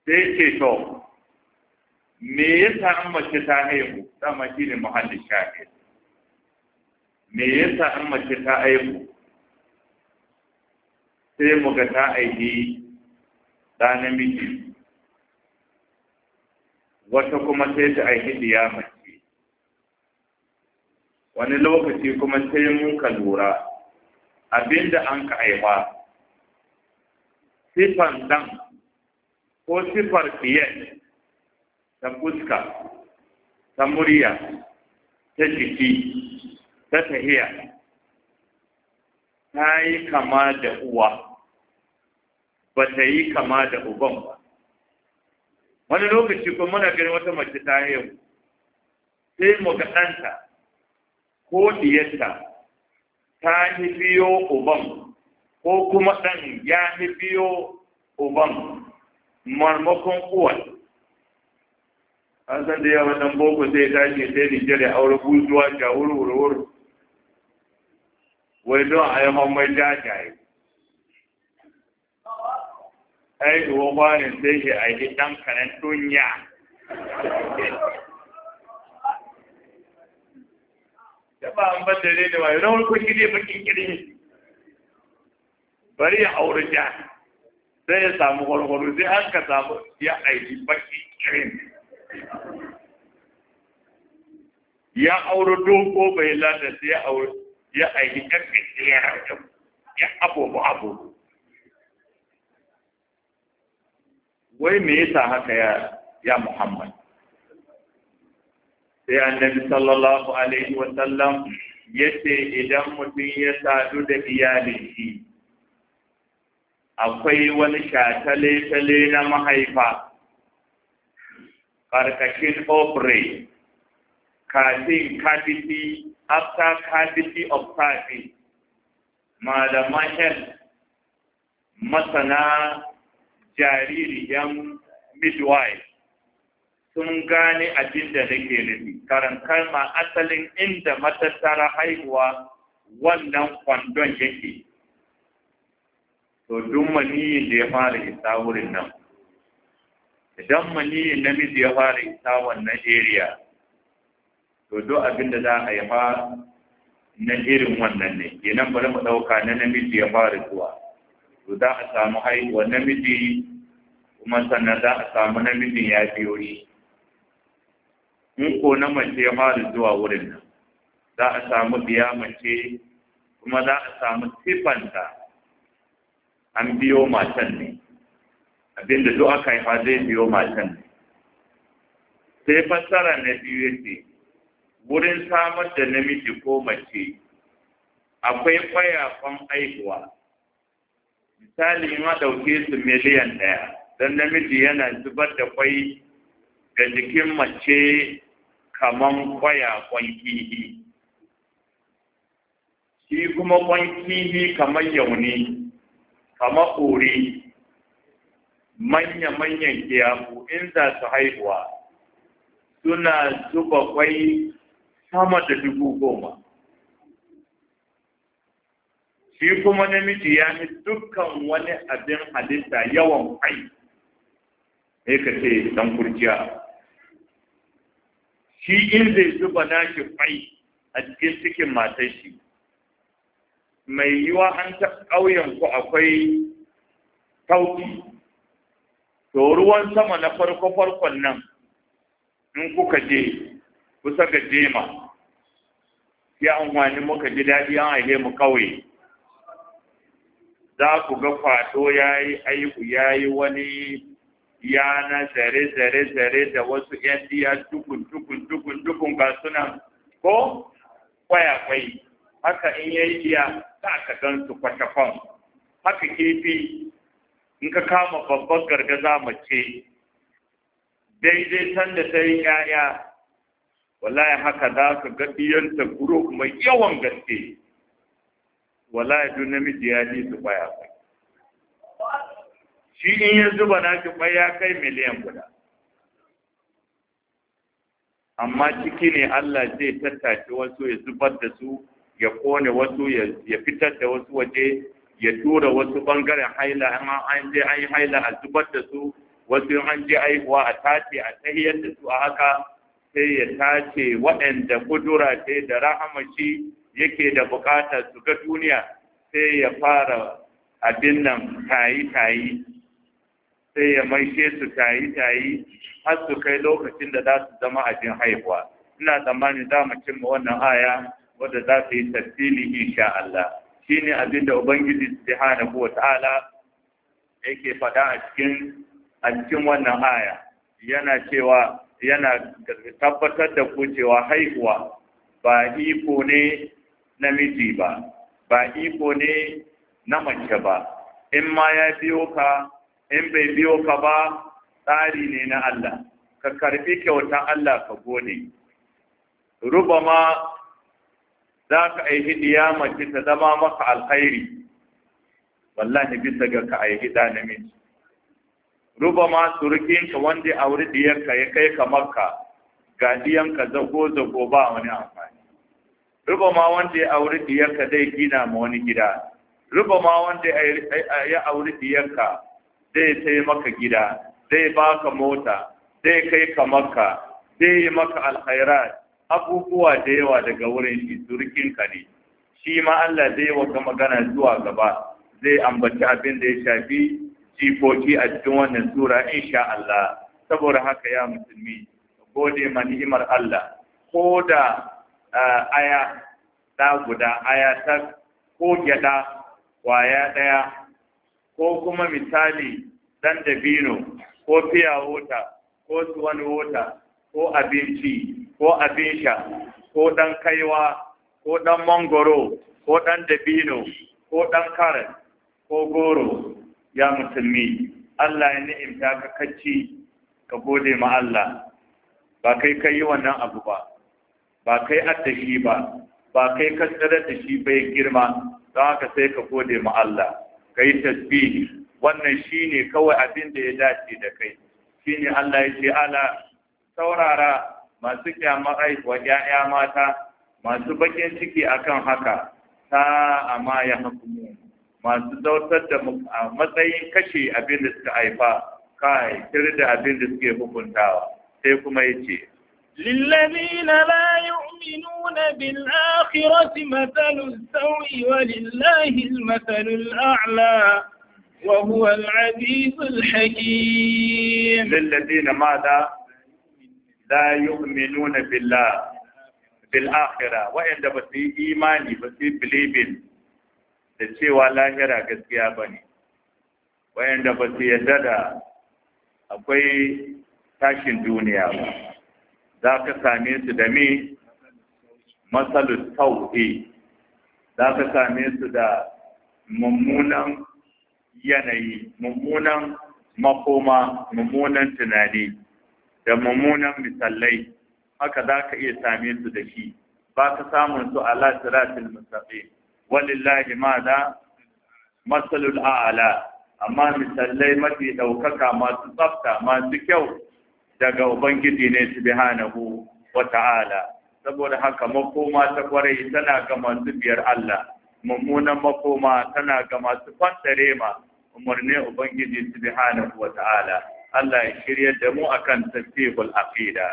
B: sai ce to me yasa an mace ta haihu dama shi ne muhallin shahid me yasa an mace ta haihu sai mu ga ta aiki da namiji wata kuma sai ta aiki diya mace wani lokaci kuma sai mun ka lura abinda an ka aiwa sifan dan ko sifar fiye ta fuska ta murya ta jiki ta tahiya ta yi kama da uwa ba ta yi kama da uban ba wani lokaci kuma muna ganin wata mace ta yau sai mu ga ɗanta ko diyarta ta yi biyo uban ko kuma ɗan ya yi biyo uban marmakon uwan an san da yawan nan boko sai tashi sai ni ya aure buzuwa ga wurwurwur wai don a yi hammai jajaye ai duwa kwanin sai shi a yi ɗan kanan tunya ya ba an bada ne da wayo na wani kun gide bakin kirmi bari ya aure ja sai ya samu gwargwaro sai an ka samu ya aiki bakin kirgin. ya aure dogo bai lada sai ya auri ya aiki ɗan gaskiya ya abubu abubu wai me yasa haka ya ya Muhammad sai annabi sallallahu alaihi wa sallam yace idan mutum ya sadu da iyalihi akwai wani shatale-tale na mahaifa barkashin obre kafin kafiti, after kafiti of cavity malaman health masana jaririyan midwife sun gane abin da nake nufi karan kalma asalin inda matattara haihuwa wannan kwandon yake to duk maniyin da ya fara isa wurin nan idan maniyin namiji ya fara isa wannan area to do abin da za a haifa na irin wannan ne idan bari mu ɗauka na namiji ya fara zuwa to za a samu haihuwa namiji kuma sannan za a samu namiji ya fiyori in ko na mace ya fara zuwa wurin nan za a samu biya mace kuma za a samu sifanta an biyo matan ne abinda duk aka yi zai biyo matan sai fassara na biyu ya ce wurin samar da namiji ko mace akwai kwayafan aihuwa misali ma ɗauke su miliyan ɗaya don namiji yana zubar da kwai ga jikin mace kaman kwayakon kihi shi kuma kwan kihi kamar yauni kamar ƙori manya-manyan kiyafu in za su haihuwa suna zuba kwai sama da dubu goma. Shi kuma namiji ya fi dukkan wani abin halitta yawan kwai, ne ka ce dan kurciya. Shi in zai zuba nashi kwai a cikin cikin matar shi, mai yiwa an ta ƙauyen ku akwai sauki to ruwan sama na farko farkon nan in kuka je kusa ga jema ya amfani muka ji daɗi an aihe mu kawai za ku ga kwato ya yi aiku ya yi wani yana zare-zare-zare da wasu ‘yan diya dukun dukun dukun dukun ga suna ko kwayakwai haka in yayi diya za ka gan su kwatakon haka kifi in ka kama babban gargaza mace daidai san da ta yi ƴaƴa wallahi haka za ka ga diyanta guro mai yawan gaske wallahi duk namiji ya ji su baya shi in ya zuba na ki ya kai miliyan guda amma ciki ne Allah zai tattace wasu ya zubar da su ya kone wasu ya fitar da wasu waje ya tura wasu bangaren haila an je an haila a zubar da su wasu an je aihuwa a tace a tahiyar da su a haka sai ya tace waɗanda kudura ce da rahamaci yake da buƙatar su ga duniya sai ya fara abin nan tayi-tayi sai ya maishe su tayi-tayi har su kai lokacin da za su zama abin haihuwa ina tsammanin za mu cimma wannan aya wadda za su yi tafsili insha Allah shine abin da ubangiji subhanahu wataala yake faɗa a cikin a cikin wannan aya yana cewa yana tabbatar da ku cewa haihuwa ba iko ne namiji ba ba iko ne na mace ba in ma ya biyo ka in bai biyo ka ba tsari ne na Allah ka karbi kyautan Allah ka gode rubama za ka aihi diya mace ta zama maka alkhairi wallahi bisa ga ka aihi da namiji ruba ma surukin ka wanda auri diyarka ya kai ka makka ga diyanka zago zago ba wani amfani ruba ma wanda ya auri ka zai gina ma wani gida ruba ma wanda ya auri ka zai sai maka gida zai baka mota zai kai ka makka zai yi maka alkhairat abubuwa da yawa daga wurin shi ka ne shi ma Allah zai wata magana zuwa gaba zai ambaci abin da ya shafi jifoki a cikin wannan sura insha Allah saboda haka ya musulmi gode ma ni'imar Allah ko da aya ta guda aya ta ko gyada kwaya ɗaya ko kuma misali dan dabino ko fiya wota ko suwan wota ko abinci ko abin sha ko ɗan kaiwa ko ɗan mangoro ko dan dabino ko dan karas ko goro ya musulmi Allah ya ni'imta ka kacci ka gode ma Allah ba kai ka yi wannan abu ba ba kai adda ba ba kai ka da shi bai girma don haka sai ka gode ma Allah ka yi wannan shine kawai abin da ya dace da kai shine Allah ya ce ala saurara masu kyamar aihuwa ‘ya'ya mata masu bakin ciki akan haka ta amma ya hukumu masu zautar da matsayin kashe abin da suka haifa kai kir da abin da suke hukuntawa sai kuma ya ce
A: للذين لا يؤمنون بالآخرة مثل السوء ولله المثل الأعلى
B: وهو العزيز الحكيم للذين ماذا la yu'minuna billah bil akhirah wa'anda ba su yi imani ba su believing da cewa lahira gaskiya bane wa'anda ba su yadda da akwai tashin duniya ba za ka same su da me matsalar tauhi za ka same su da mummunan yanayi mummunan makoma mummunan tunani da mummunan misalai haka za ka iya same su da shi ba ka samun su a siratul mustaqim walillahi ma da matsalul a'ala amma misalai mafi ɗaukaka masu tsafta masu kyau daga ubangiji ne su bi hanahu wa ta'ala saboda haka makoma ta kwarai tana ga masu biyar Allah mummunan makoma tana ga masu kwantare ma umarnin ubangiji su bi hanahu wa ta'ala Allah ya shirya da mu akan tafsirul aqida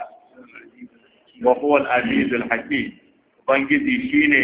B: wa huwa al-azizul hakim bangiji shine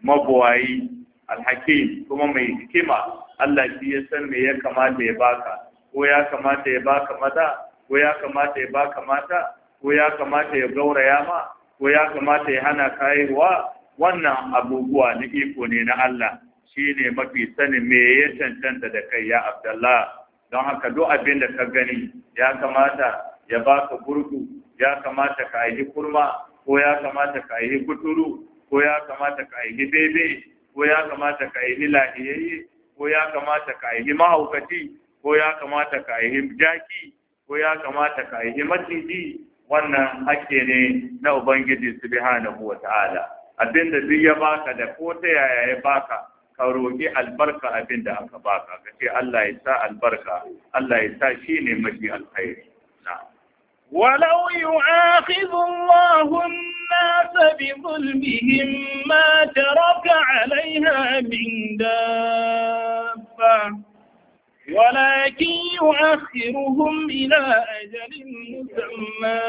B: mabuwayi al-hakim kuma mai hikima Allah shi ya san me ya kamata ya baka ko ya kamata ya baka maza ko ya kamata ya baka mata ko ya kamata ya gauraya ma ko ya kamata ya hana kayewa wannan abubuwa na iko ne na Allah shine mafi sanin me ya cancanta da kai ya Abdullah don haka duk abin da ka gani ya kamata ya baka gurgu ya kamata ka yi kurma ko ya kamata ka yi guturu ko ya kamata ka yi bebe ko ya kamata ka yi lahiyayye ko ya kamata ka yi mahaukaci ko ya kamata ka yi jaki ko ya kamata ka yi maciji wannan hakke ne na ubangiji subhanahu wa ta'ala abinda duk ya baka da ko ta yaya ya baka ka roƙi albarka abin da aka baka ka ce Allah ya sa albarka Allah ya sa shi ne mafi alkhairi ولو
A: يؤاخذ الله الناس بظلمهم ما ترك عليها من دابة ولكن يؤخرهم إلى أجل مسمى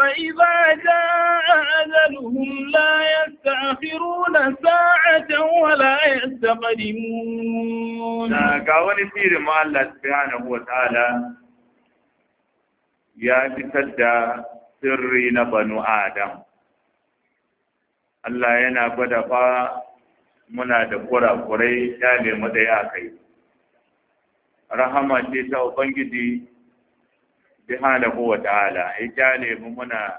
A: فإذا جاء أذلهم لا يستأخرون ساعة ولا يستقدمون
B: قاول سير ما الله سبحانه وتعالى يا بسد سرين بنو آدم Allah yana gwada fa muna da kurakurai ya nemi da ya kai. Rahama ce ta Ubangiji subhanahu wa ta'ala ta ne mu muna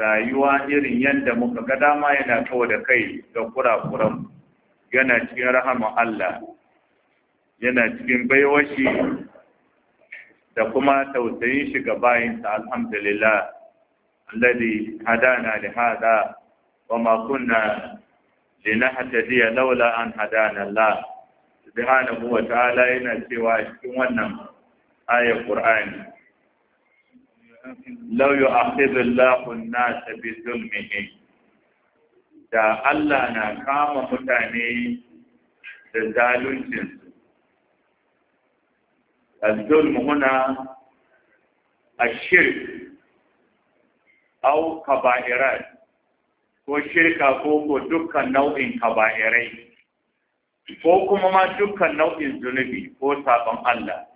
B: rayuwa irin yadda muka ga dama yana kawo da kai ga kurakuran yana cikin rahama Allah yana cikin baiwashi da kuma tausayin shi ga bayinsa alhamdulillah alladhi hadana li hada wa ma kunna linahtadiya laula an hadana Allah subhanahu wa ta'ala yana cewa cikin wannan ayat Qur'ani lau yi akhidullahu nasa bi zulmihi da Allah na kama mutane da zaluncinsu. الظلم هنا الشرك أو كبائرات ko shirka ko ko dukkan nau'in kaba'irai ko kuma ma dukkan nau'in zunubi ko sabon Allah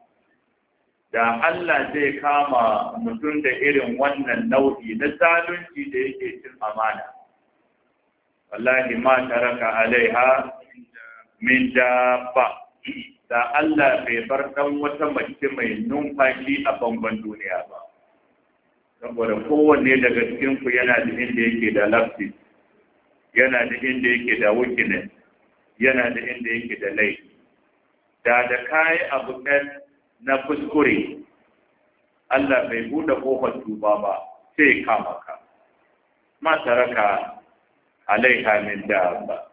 B: da Allah zai kama mutum da irin wannan nau'i na zalunci da yake cin amana wallahi ma taraka alaiha min dabba da Allah bai bar dan wata mace mai numfashi a bangon duniya ba saboda kowanne daga cikin ku yana da inda yake da lafi yana da inda yake da wikine yana da inda yake da laifi da da kayi abu ɗan na kuskure Allah bai buɗe ƙofar tuba ba sai kama ka ma taraka alaiha min ba.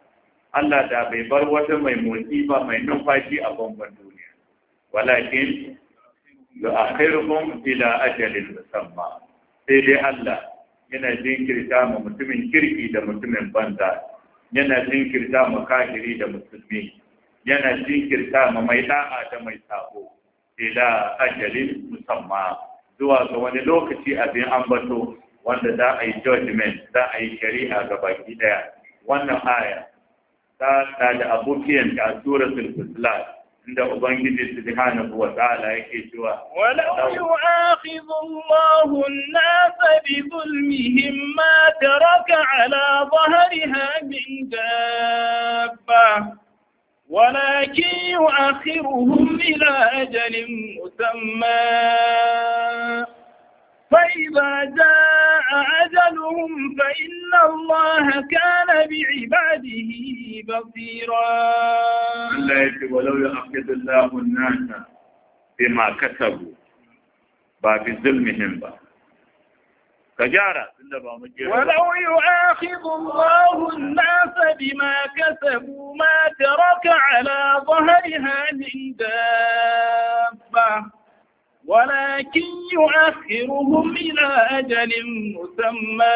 B: Allah da bai bar wata mai motsi ba mai numfashi a bangon duniya walakin yu'akhiruhum ila ajalin musamma sai dai Allah yana jinkirta ma mutumin kirki da mutumin banza yana jinkirta ma kafiri da musulmi yana jinkirta ma mai da'a da mai sabo ila ajalin musamma zuwa ga wani lokaci abin ambato wanda za a yi judgment za a yi shari'a ga baki daya wannan aya ta ta da abokiyan ta suratul fusilat inda ubangiji subhanahu wa ta'ala yake cewa walau
A: yu'akhidhu Allahu an-nasa bi zulmihim ma taraka ala dhahriha min dabba ولكن يؤخرهم إلى أجل مسمى فإذا جاء أجلهم فإن الله كان بعباده بصيرا
B: الله ولو يؤخذ الله الناس بما كسبوا باب bi zulmihim ba ولو
A: يؤاخذ الله الناس بما كسبوا ما ترك على ظهرها من دابة ولكن يؤخرهم إلى أجل مسمى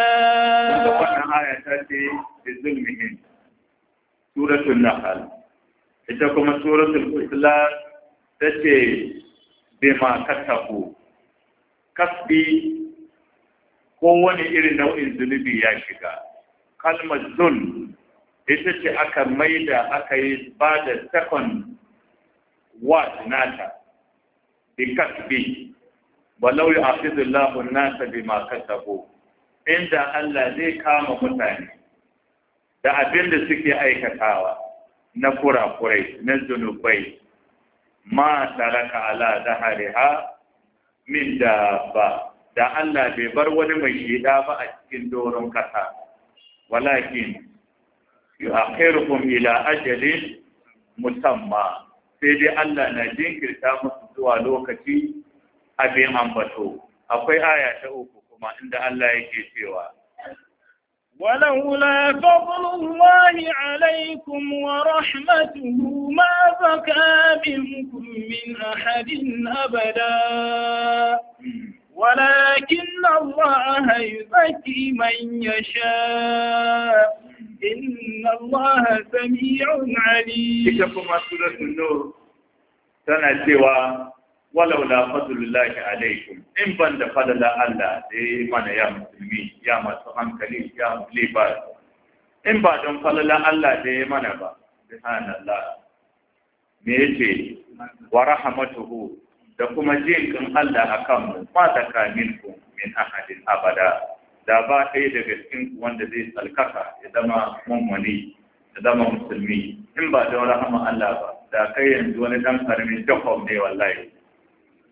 B: آية سورة النحل إتكم سورة الإخلاص تتي بما كسبوا كسبي kowane irin nau'in zunubi ya shiga kalmar zul ita ce aka maida aka yi ba da second word nata bi kasbi walau ya afizullahu nata bi ma kasabu inda Allah zai kama mutane da abin da suke aikatawa na kurakurai na zunubai ma taraka ala zahariha min da ba da Allah bai bar wani mai shida ba a cikin doron kasa walakin kairukun ila ajalin musamma sai dai Allah na jinkirta musu zuwa lokaci abin ambato akwai aya ta uku kuma inda Allah yake cewa
A: ولولا فضل الله عليكم ورحمته ما بكى منكم من أحد أبدا ولكن الله يزكي من يشاء إن الله سميع عليم
B: كما سورة النور تنا سوى ولولا فضل الله عليكم إن بند فضل الله دي من يا مسلمين يا مسلمان كريم يا ليبار إن بعد فضل الله دي من با سبحان الله ميتي ورحمته da kuma jin kan Allah a kanmu ba zaka minkum min ahadin abada da ba ɗaya daga cikin wanda zai tsalkaka ya zama mummuni ya zama musulmi in ba da rahama Allah ba da kai yanzu wani dan karamin jakob ne wallahi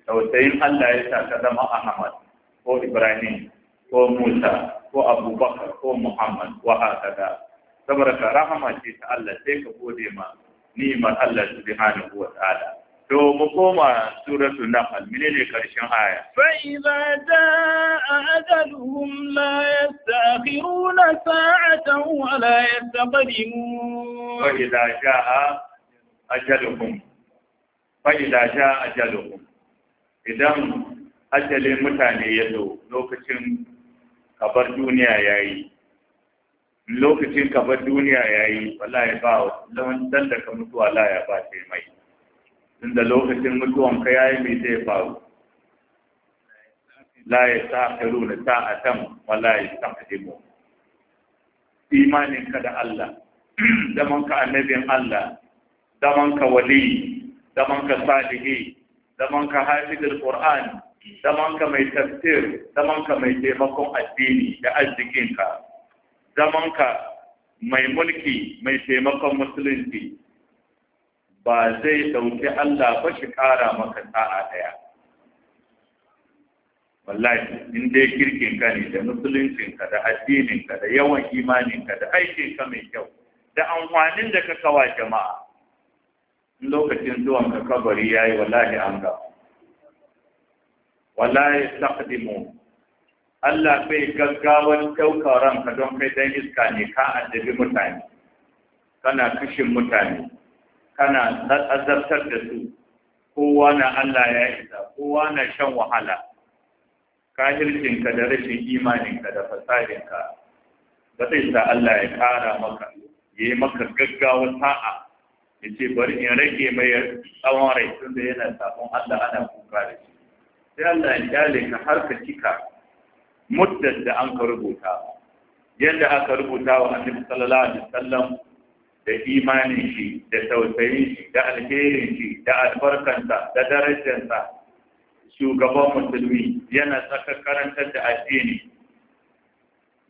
B: tausayin Allah ya sa ka zama Ahmad ko Ibrahim ko Musa ko Abubakar ko Muhammad wa hakaza saboda rahama ce ta Allah sai ka gode ma ni'imar Allah subhanahu wa ta'ala To mu koma suratul Nahl menene karshen aya? Fa
A: idza jaa ajaluhum la yastakhiruna sa'atan wa la yastaqdimun.
B: Fa idza jaa ajaluhum fa idza jaa ajaluhum idan ajalin mutane ya zo lokacin kabar duniya yayi lokacin kabar duniya yayi wallahi ba dan da ka mutu wallahi ba sai mai inda lokacin mutuwan ka yayi mai zai faru la ya sa na wala ya sa kadimu imanin ka da Allah zaman ka annabin Allah zaman ka wali zaman ka salihi zaman ka hafizul qur'an zaman ka mai tafsir zaman ka mai taimakon addini da arzikin ka zaman ka mai mulki mai taimakon musulunci ba zai ɗauki Allah ba shi ƙara maka sa'a ɗaya. Wallahi, in dai kirkin ka ne da ka, da addinin ka, da yawan ka, da aikin ka mai kyau, da amfanin da ka kawa jama'a. In lokacin zuwan ka kabari ya yi wallahi an ga. Wallahi, taqdimu Allah bai gaggawar ɗaukar ranka don kai dan iska ne ka addabi mutane, kana kashin mutane. kana azabtar da su kowa na Allah ya isa kowa na shan wahala kahircinka da rashin imaninka da fasahinka. ba zai sa Allah ya kara maka ya yi maka gaggawa sa'a ya ce bari in rage mai tsawon rai tun da yana sabon Allah ana kuka da shi sai Allah ya kyale ka har ka cika muddar da an ka rubuta yadda aka rubuta wa annabi sallallahu alaihi wasallam da imanin shi da tausayin shi da alherin shi da albarkansa da darajarsa shugaban musulmi yana tsaka karantar da addini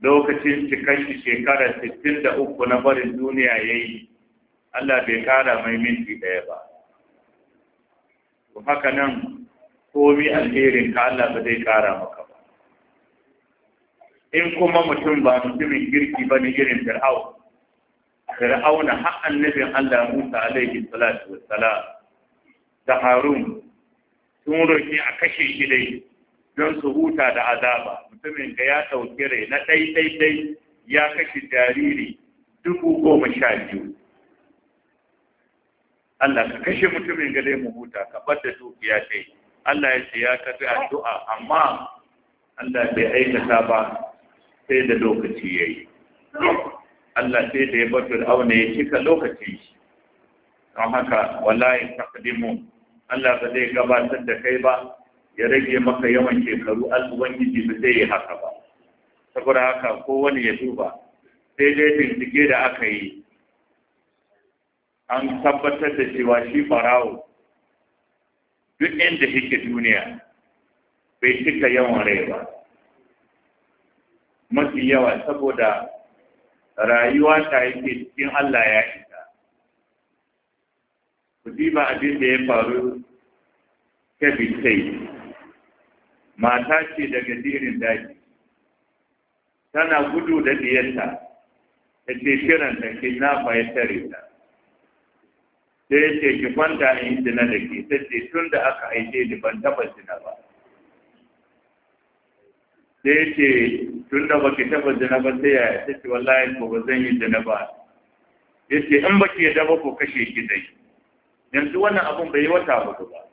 B: lokacin cikar shi shekara uku na barin duniya ya yi Allah bai kara mai minti ɗaya ba haka nan komi alherin ka Allah ba zai kara maka ba in kuma mutum ba mutumin girki ba ne irin fir'aun fir'auna har annabin Allah Musa alaihi salatu wassalam da Harun sun roki a kashe shi dai don su huta da azaba mutumin da ya ɗauki rai na ɗai ɗai ɗai ya kashe jariri dubu goma sha biyu Allah ka kashe mutumin ga dai mu huta ka bada da dukiya dai Allah ya ce ya kafi addu'a amma Allah bai aikata ba sai da lokaci yayi Allah sai da ya bar auna ya cika lokacin shi don haka wallahi taqdimu Allah ba zai gabatar da kai ba ya rage maka yawan shekaru alubangiji ba zai yi haka ba saboda haka kowane ya duba sai dai bincike da aka yi an tabbatar da cewa shi farawo duk inda yake duniya bai cika yawan rai ba mafi yawa saboda rayuwa ta yake cikin Allah ya isa ku ba abin da ya faru kebbi sai mata ce daga dirin daji tana gudu da diyarta ta ce shirin da ke nafa ya tare ta sai ce ki kwanta in yi zina da ke ta ce tun da aka aike ni ban taɓa zina ba sai ya ce tun da baki taba zina ba sai ya ta ce wallahi ko ba zan yi zina ba ya ce in baki ya daba ko kashe shi dai yanzu wannan abun bai yi wata ba ba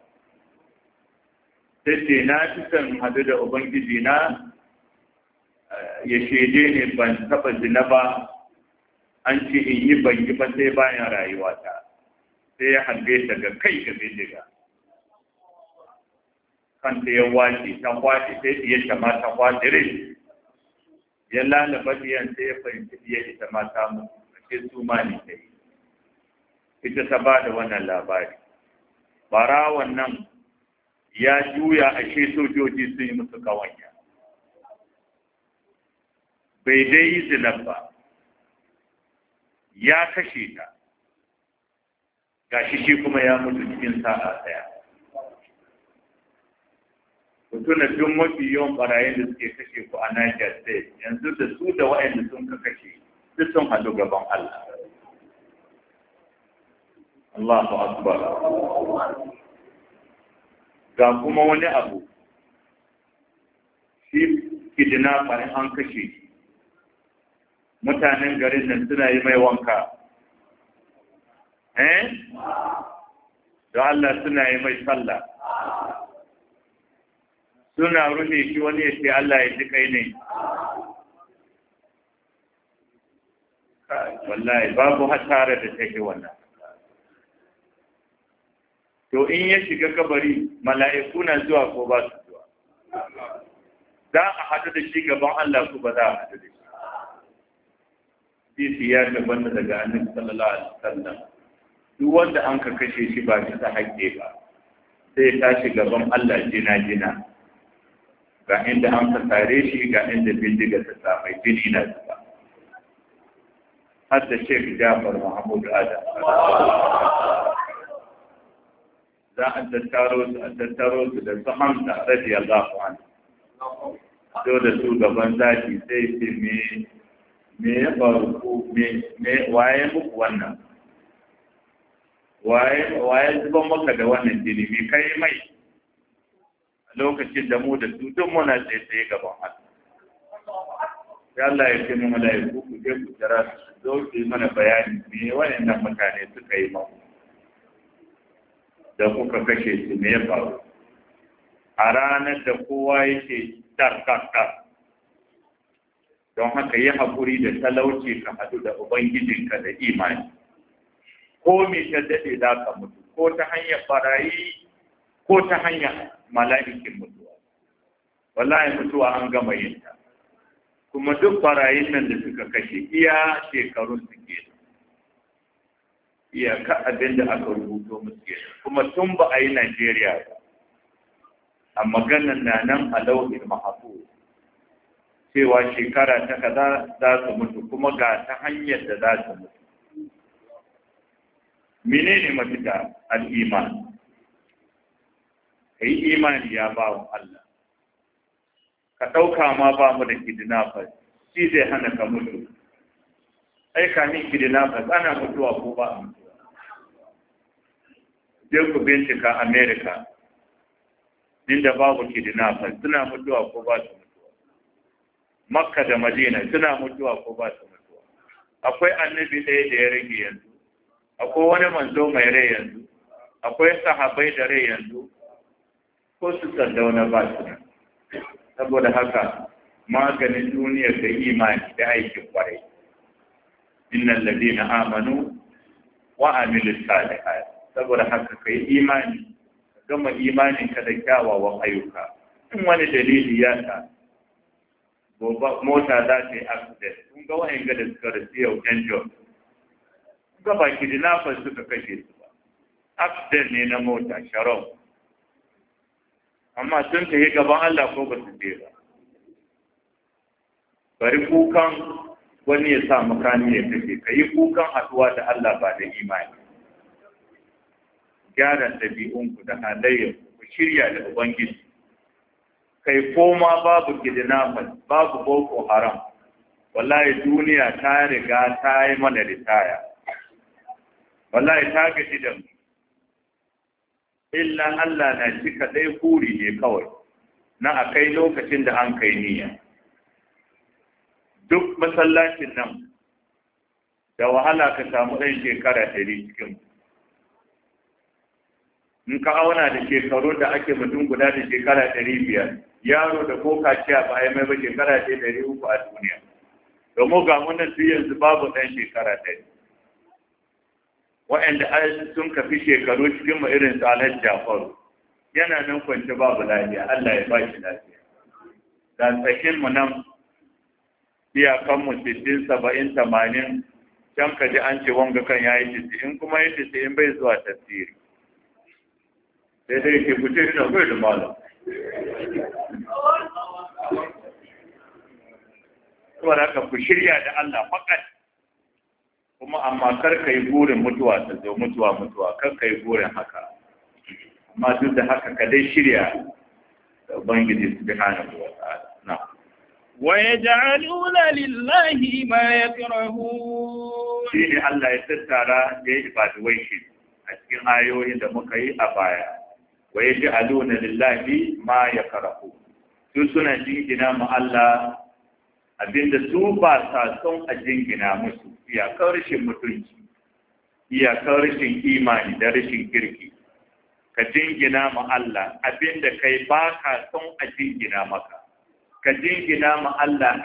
B: sai ce na fi san hadu da ubangiji na eh, ya shaide ne ban taba zina ba an ce in yi ban yi ba sai bayan rayuwata sai ya harbe daga ga kai ga bindiga kan ta ya wace ta kwace sai ta ma ta kwace rai ya lalaba biyan sai ya fahimci biya ita mata ta a sai su ma ne ta yi ita ta ba da wannan labari Barawon nan ya juya ashe sojoji sun yi musu kawanya bai dai yi zinan ba ya kashe ta gashi shi kuma ya mutu cikin sa'a daya tuna duk mafi yawan barayin da suke kashe ku a Niger State yanzu da su da wa'anda sun ka kashe duk sun hadu gaban Allah. Allahu Akbar. Ga kuma wani abu, shi kidina bayan an kashe mutanen garin nan suna yi mai wanka. Eh? Da Allah suna yi mai sallah. suna rufe shi wani ya ce Allah ya ji kai ne wallahi babu hasara da take wannan to in ya shiga kabari mala'iku na zuwa ko ba su zuwa za a haɗu da shi gaban Allah ko ba za a haɗu da shi sisi ya da daga annabi sallallahu alaihi wasallam duk wanda an ka kashe shi ba ta haƙƙe ba sai ya tashi gaban Allah jina jina ga inda amsa tare shi ga inda bindiga ta samai bini na zuba har da shek jafar mahmud adam za a tattaro su a tattaro su da su hamsa radiyallahu
C: anhu zo da
B: su gaban zaki sai ce me me ya faru ko me me waye muku wannan waye waye zuban maka da wannan jini me kai mai lokacin da mu da su duk muna tsaye gaban Allah sai Allah ya ce mu malaiku ku je ku tara su zo su mana bayani me waɗannan mutane suka yi maku da kuka kashe su me ya faru a ranar da kowa yake tarkakar don haka yi haƙuri da talauci ka haɗu da ubangijinka da imani ko me ta daɗe za ka mutu ko ta hanyar barayi ko ta hanyar mala'ikin mutuwa wallahi mutuwa an gama yin kuma duk barayin nan da suka kashe iya shekarun su ke ka abin da aka rubuto musu ke kuma tun ba a yi Najeriya ba a maganan na nan a lauhin mahafu cewa shekara ta kaza za su mutu kuma ga ta hanyar da za su mutu menene mafita al'iman ka yi imani ya ba wa Allah ka ɗauka ma ba mu da kidnappers shi zai hana ka mutu ai kidina kidnappers ana mutuwa ko ba a mutuwa je ku bincika America inda babu kidnappers suna mutuwa ko ba su mutuwa makka da madina suna mutuwa ko ba su mutuwa akwai annabi ɗaya da ya rage yanzu akwai wani manzo mai rai yanzu akwai sahabai da rai yanzu ko su sardauna ba su nan saboda haka maganin duniyar da imani da aikin kwarai innal ladina amanu wa amilu salihat saboda haka kai imani gama imanin ka da kyawawan ayyuka in wani dalili ya sa mota za ta yi accident kun ga wayan ga da suka rasu yau can jom ga baki dinafar suka kashe su ba accident ne na mota sharon amma sun yi gaban Allah ko ba su je ba bari kukan wani ya sa makani ya tafi ka yi kukan haɗuwa da Allah ba da imani gyara ɗabi'unku da halayyarku ku shirya da ubangiji kai koma babu kidnappers babu boko haram wallahi duniya ta riga ta yi mana ritaya wallahi ta gaji da mu illa Allah na shi kadai kuri ne kawai na a kai lokacin da an kai niyya duk masallacin nan da wahala ka samu ɗan shekara ɗari cikin in ka auna da shekarun da ake mutum guda da shekara ɗari biyar yaro da ko kaciya ba a yi mai ba shekara ɗari uku a duniya domin ga wannan yanzu babu ɗan shekara ɗari waɗanda sun kafi shekaru cikin ma irin su Alhaji Jafaru yana nan kwanci babu lafiya Allah ya bashi lafiya da tsakin mu nan iyakan mu sittin 70 80 can ka ji an ce wanga kan yayi in kuma yi in bai zuwa tafsiri sai dai ke fice da kai da malam da ka ku shirya da Allah fakat kuma amma kar ka yi burin mutuwa ta zo mutuwa mutuwa kar ka yi burin haka amma duk da haka ka dai shirya da ubangiji subhanahu hana ta'ala na wa
A: yaj'aluna lillahi ma
B: yakrahun shi Allah ya tattara da ya ibadu wai shi a cikin ayoyin da muka yi a baya wa yaj'aluna lillahi ma yakrahun su suna jingina mu Allah abinda su ba sa son a jingina musu iyakar rashin mutunci iyakar rashin imani da rashin kirki ka jingina ma Allah abinda kai ba ka son a jingina maka ka jingina ma Allah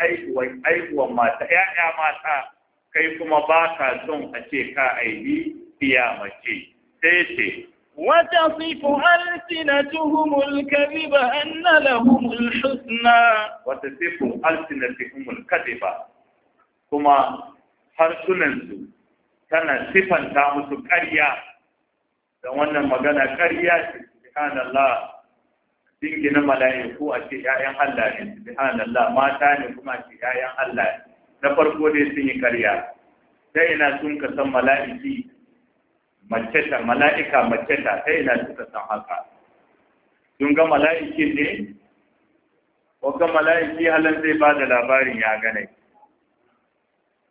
B: aihuwan mata ƴaƴa mata kai kuma ba ka son a ce ka aihi iya mace sai ce
A: وتصف ألسنتهم الكذب أن لهم الحسنى
B: وتصف ألسنتهم الكذب كما harsunansu كان صفا musu كريا وانا مغانا كريا سبحان الله subhanallah dingina mala'iku a ce ‘ya'yan Allah ne subhanallah mata ne kuma a ce ‘ya'yan Allah ne, na farko dai sun yi ƙarya ta ina sun ka san mala'iki mace ta mala'ika mace ta sai ina suka san haka sun ga mala'ikin ne ga mala'iki halin zai ba da labarin ya gane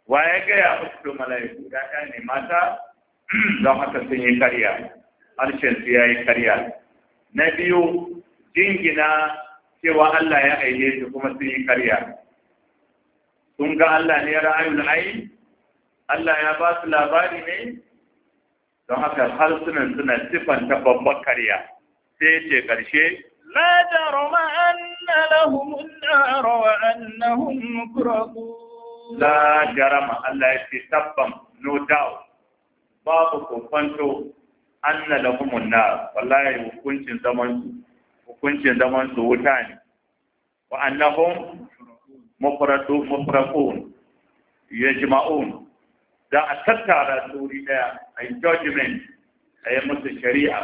B: wa ya gaya musu mala'iku ya ne mata don haka sun yi karya harshen su ya yi karya na biyu jingina cewa Allah ya aile su kuma sun yi karya sun ga Allah ne ra'ayul ayi Allah ya ba su labari ne don haka harsunan suna siffanta babban karya sai ce ƙarshe
A: لا جرم أن لهم النار وأنهم مكرمون
B: Allah ya الله tabban no doubt babu kofanto an na lahumun na wallahi hukuncin zaman hukuncin zaman su wuta ne wa annahum mufraqun yajma'un da a tattara su wuri daya a yi judgment a yi musu shari'a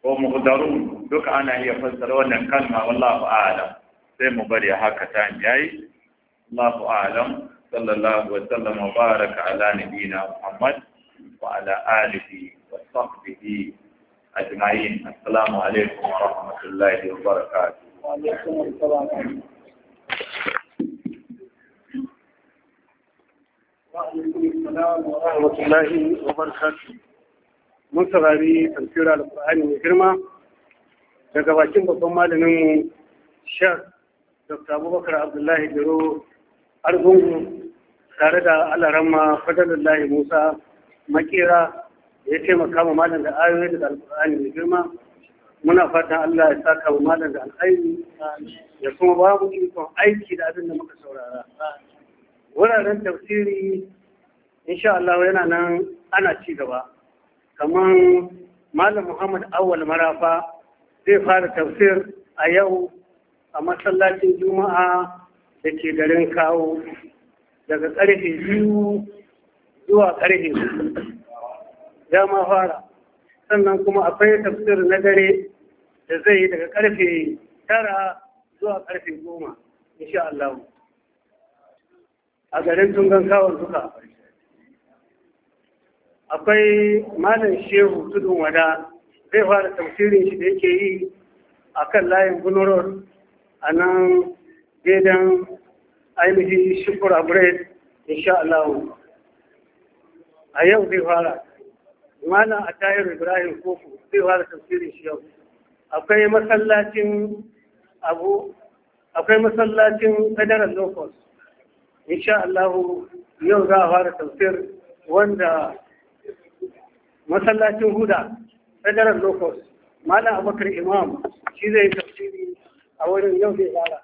B: ko muhdarun duka ana iya fassara wannan kalma wallahu a'lam sai mu bari haka ta yayi wallahu a'lam sallallahu wa sallam wa baraka ala nabiyyina muhammad wa ala alihi wa sahbihi ajma'in assalamu alaikum wa rahmatullahi wa barakatuh wa alaikum assalam
C: Alhamdulillahi wa barakatu. Mun saurari tafsir al mai girma daga bakin babban malamin mu Sheikh Dr. Abubakar Abdullahi Biro Argungu tare da Alaramma Fadalullahi Musa Makera ya taimaka ma malam da ayoyi da al mai girma. Muna fatan Allah ya saka ma malam da alkhairi ya kuma ba mu ikon aiki da abin da muka saurara. wuraren tafsiri insha Allah yana nan ana ci gaba kamar malam Muhammad Awal Marafa zai fara tafsir a yau a masallacin Juma'a da ke garin kawo daga karfe biyu zuwa karfe ya ma fara sannan kuma akwai tafsir na dare da zai yi daga karfe tara zuwa karfe goma insha Allah. a garin dungan kawon suka akwai malam shehu tudun wada zai fara tafsirin shi da yake yi a kan layin gunurur a nan gidan ainihin a abred insha Allah a yau zai fara malam a tayar ibrahim kofu zai fara tafsirin shi yau akwai masallacin abu akwai masallacin federal locus insha Allah yau za a fara tafsir wanda masallacin huda federal locus malam abakar imam shi zai tafsiri a wurin yau zai fara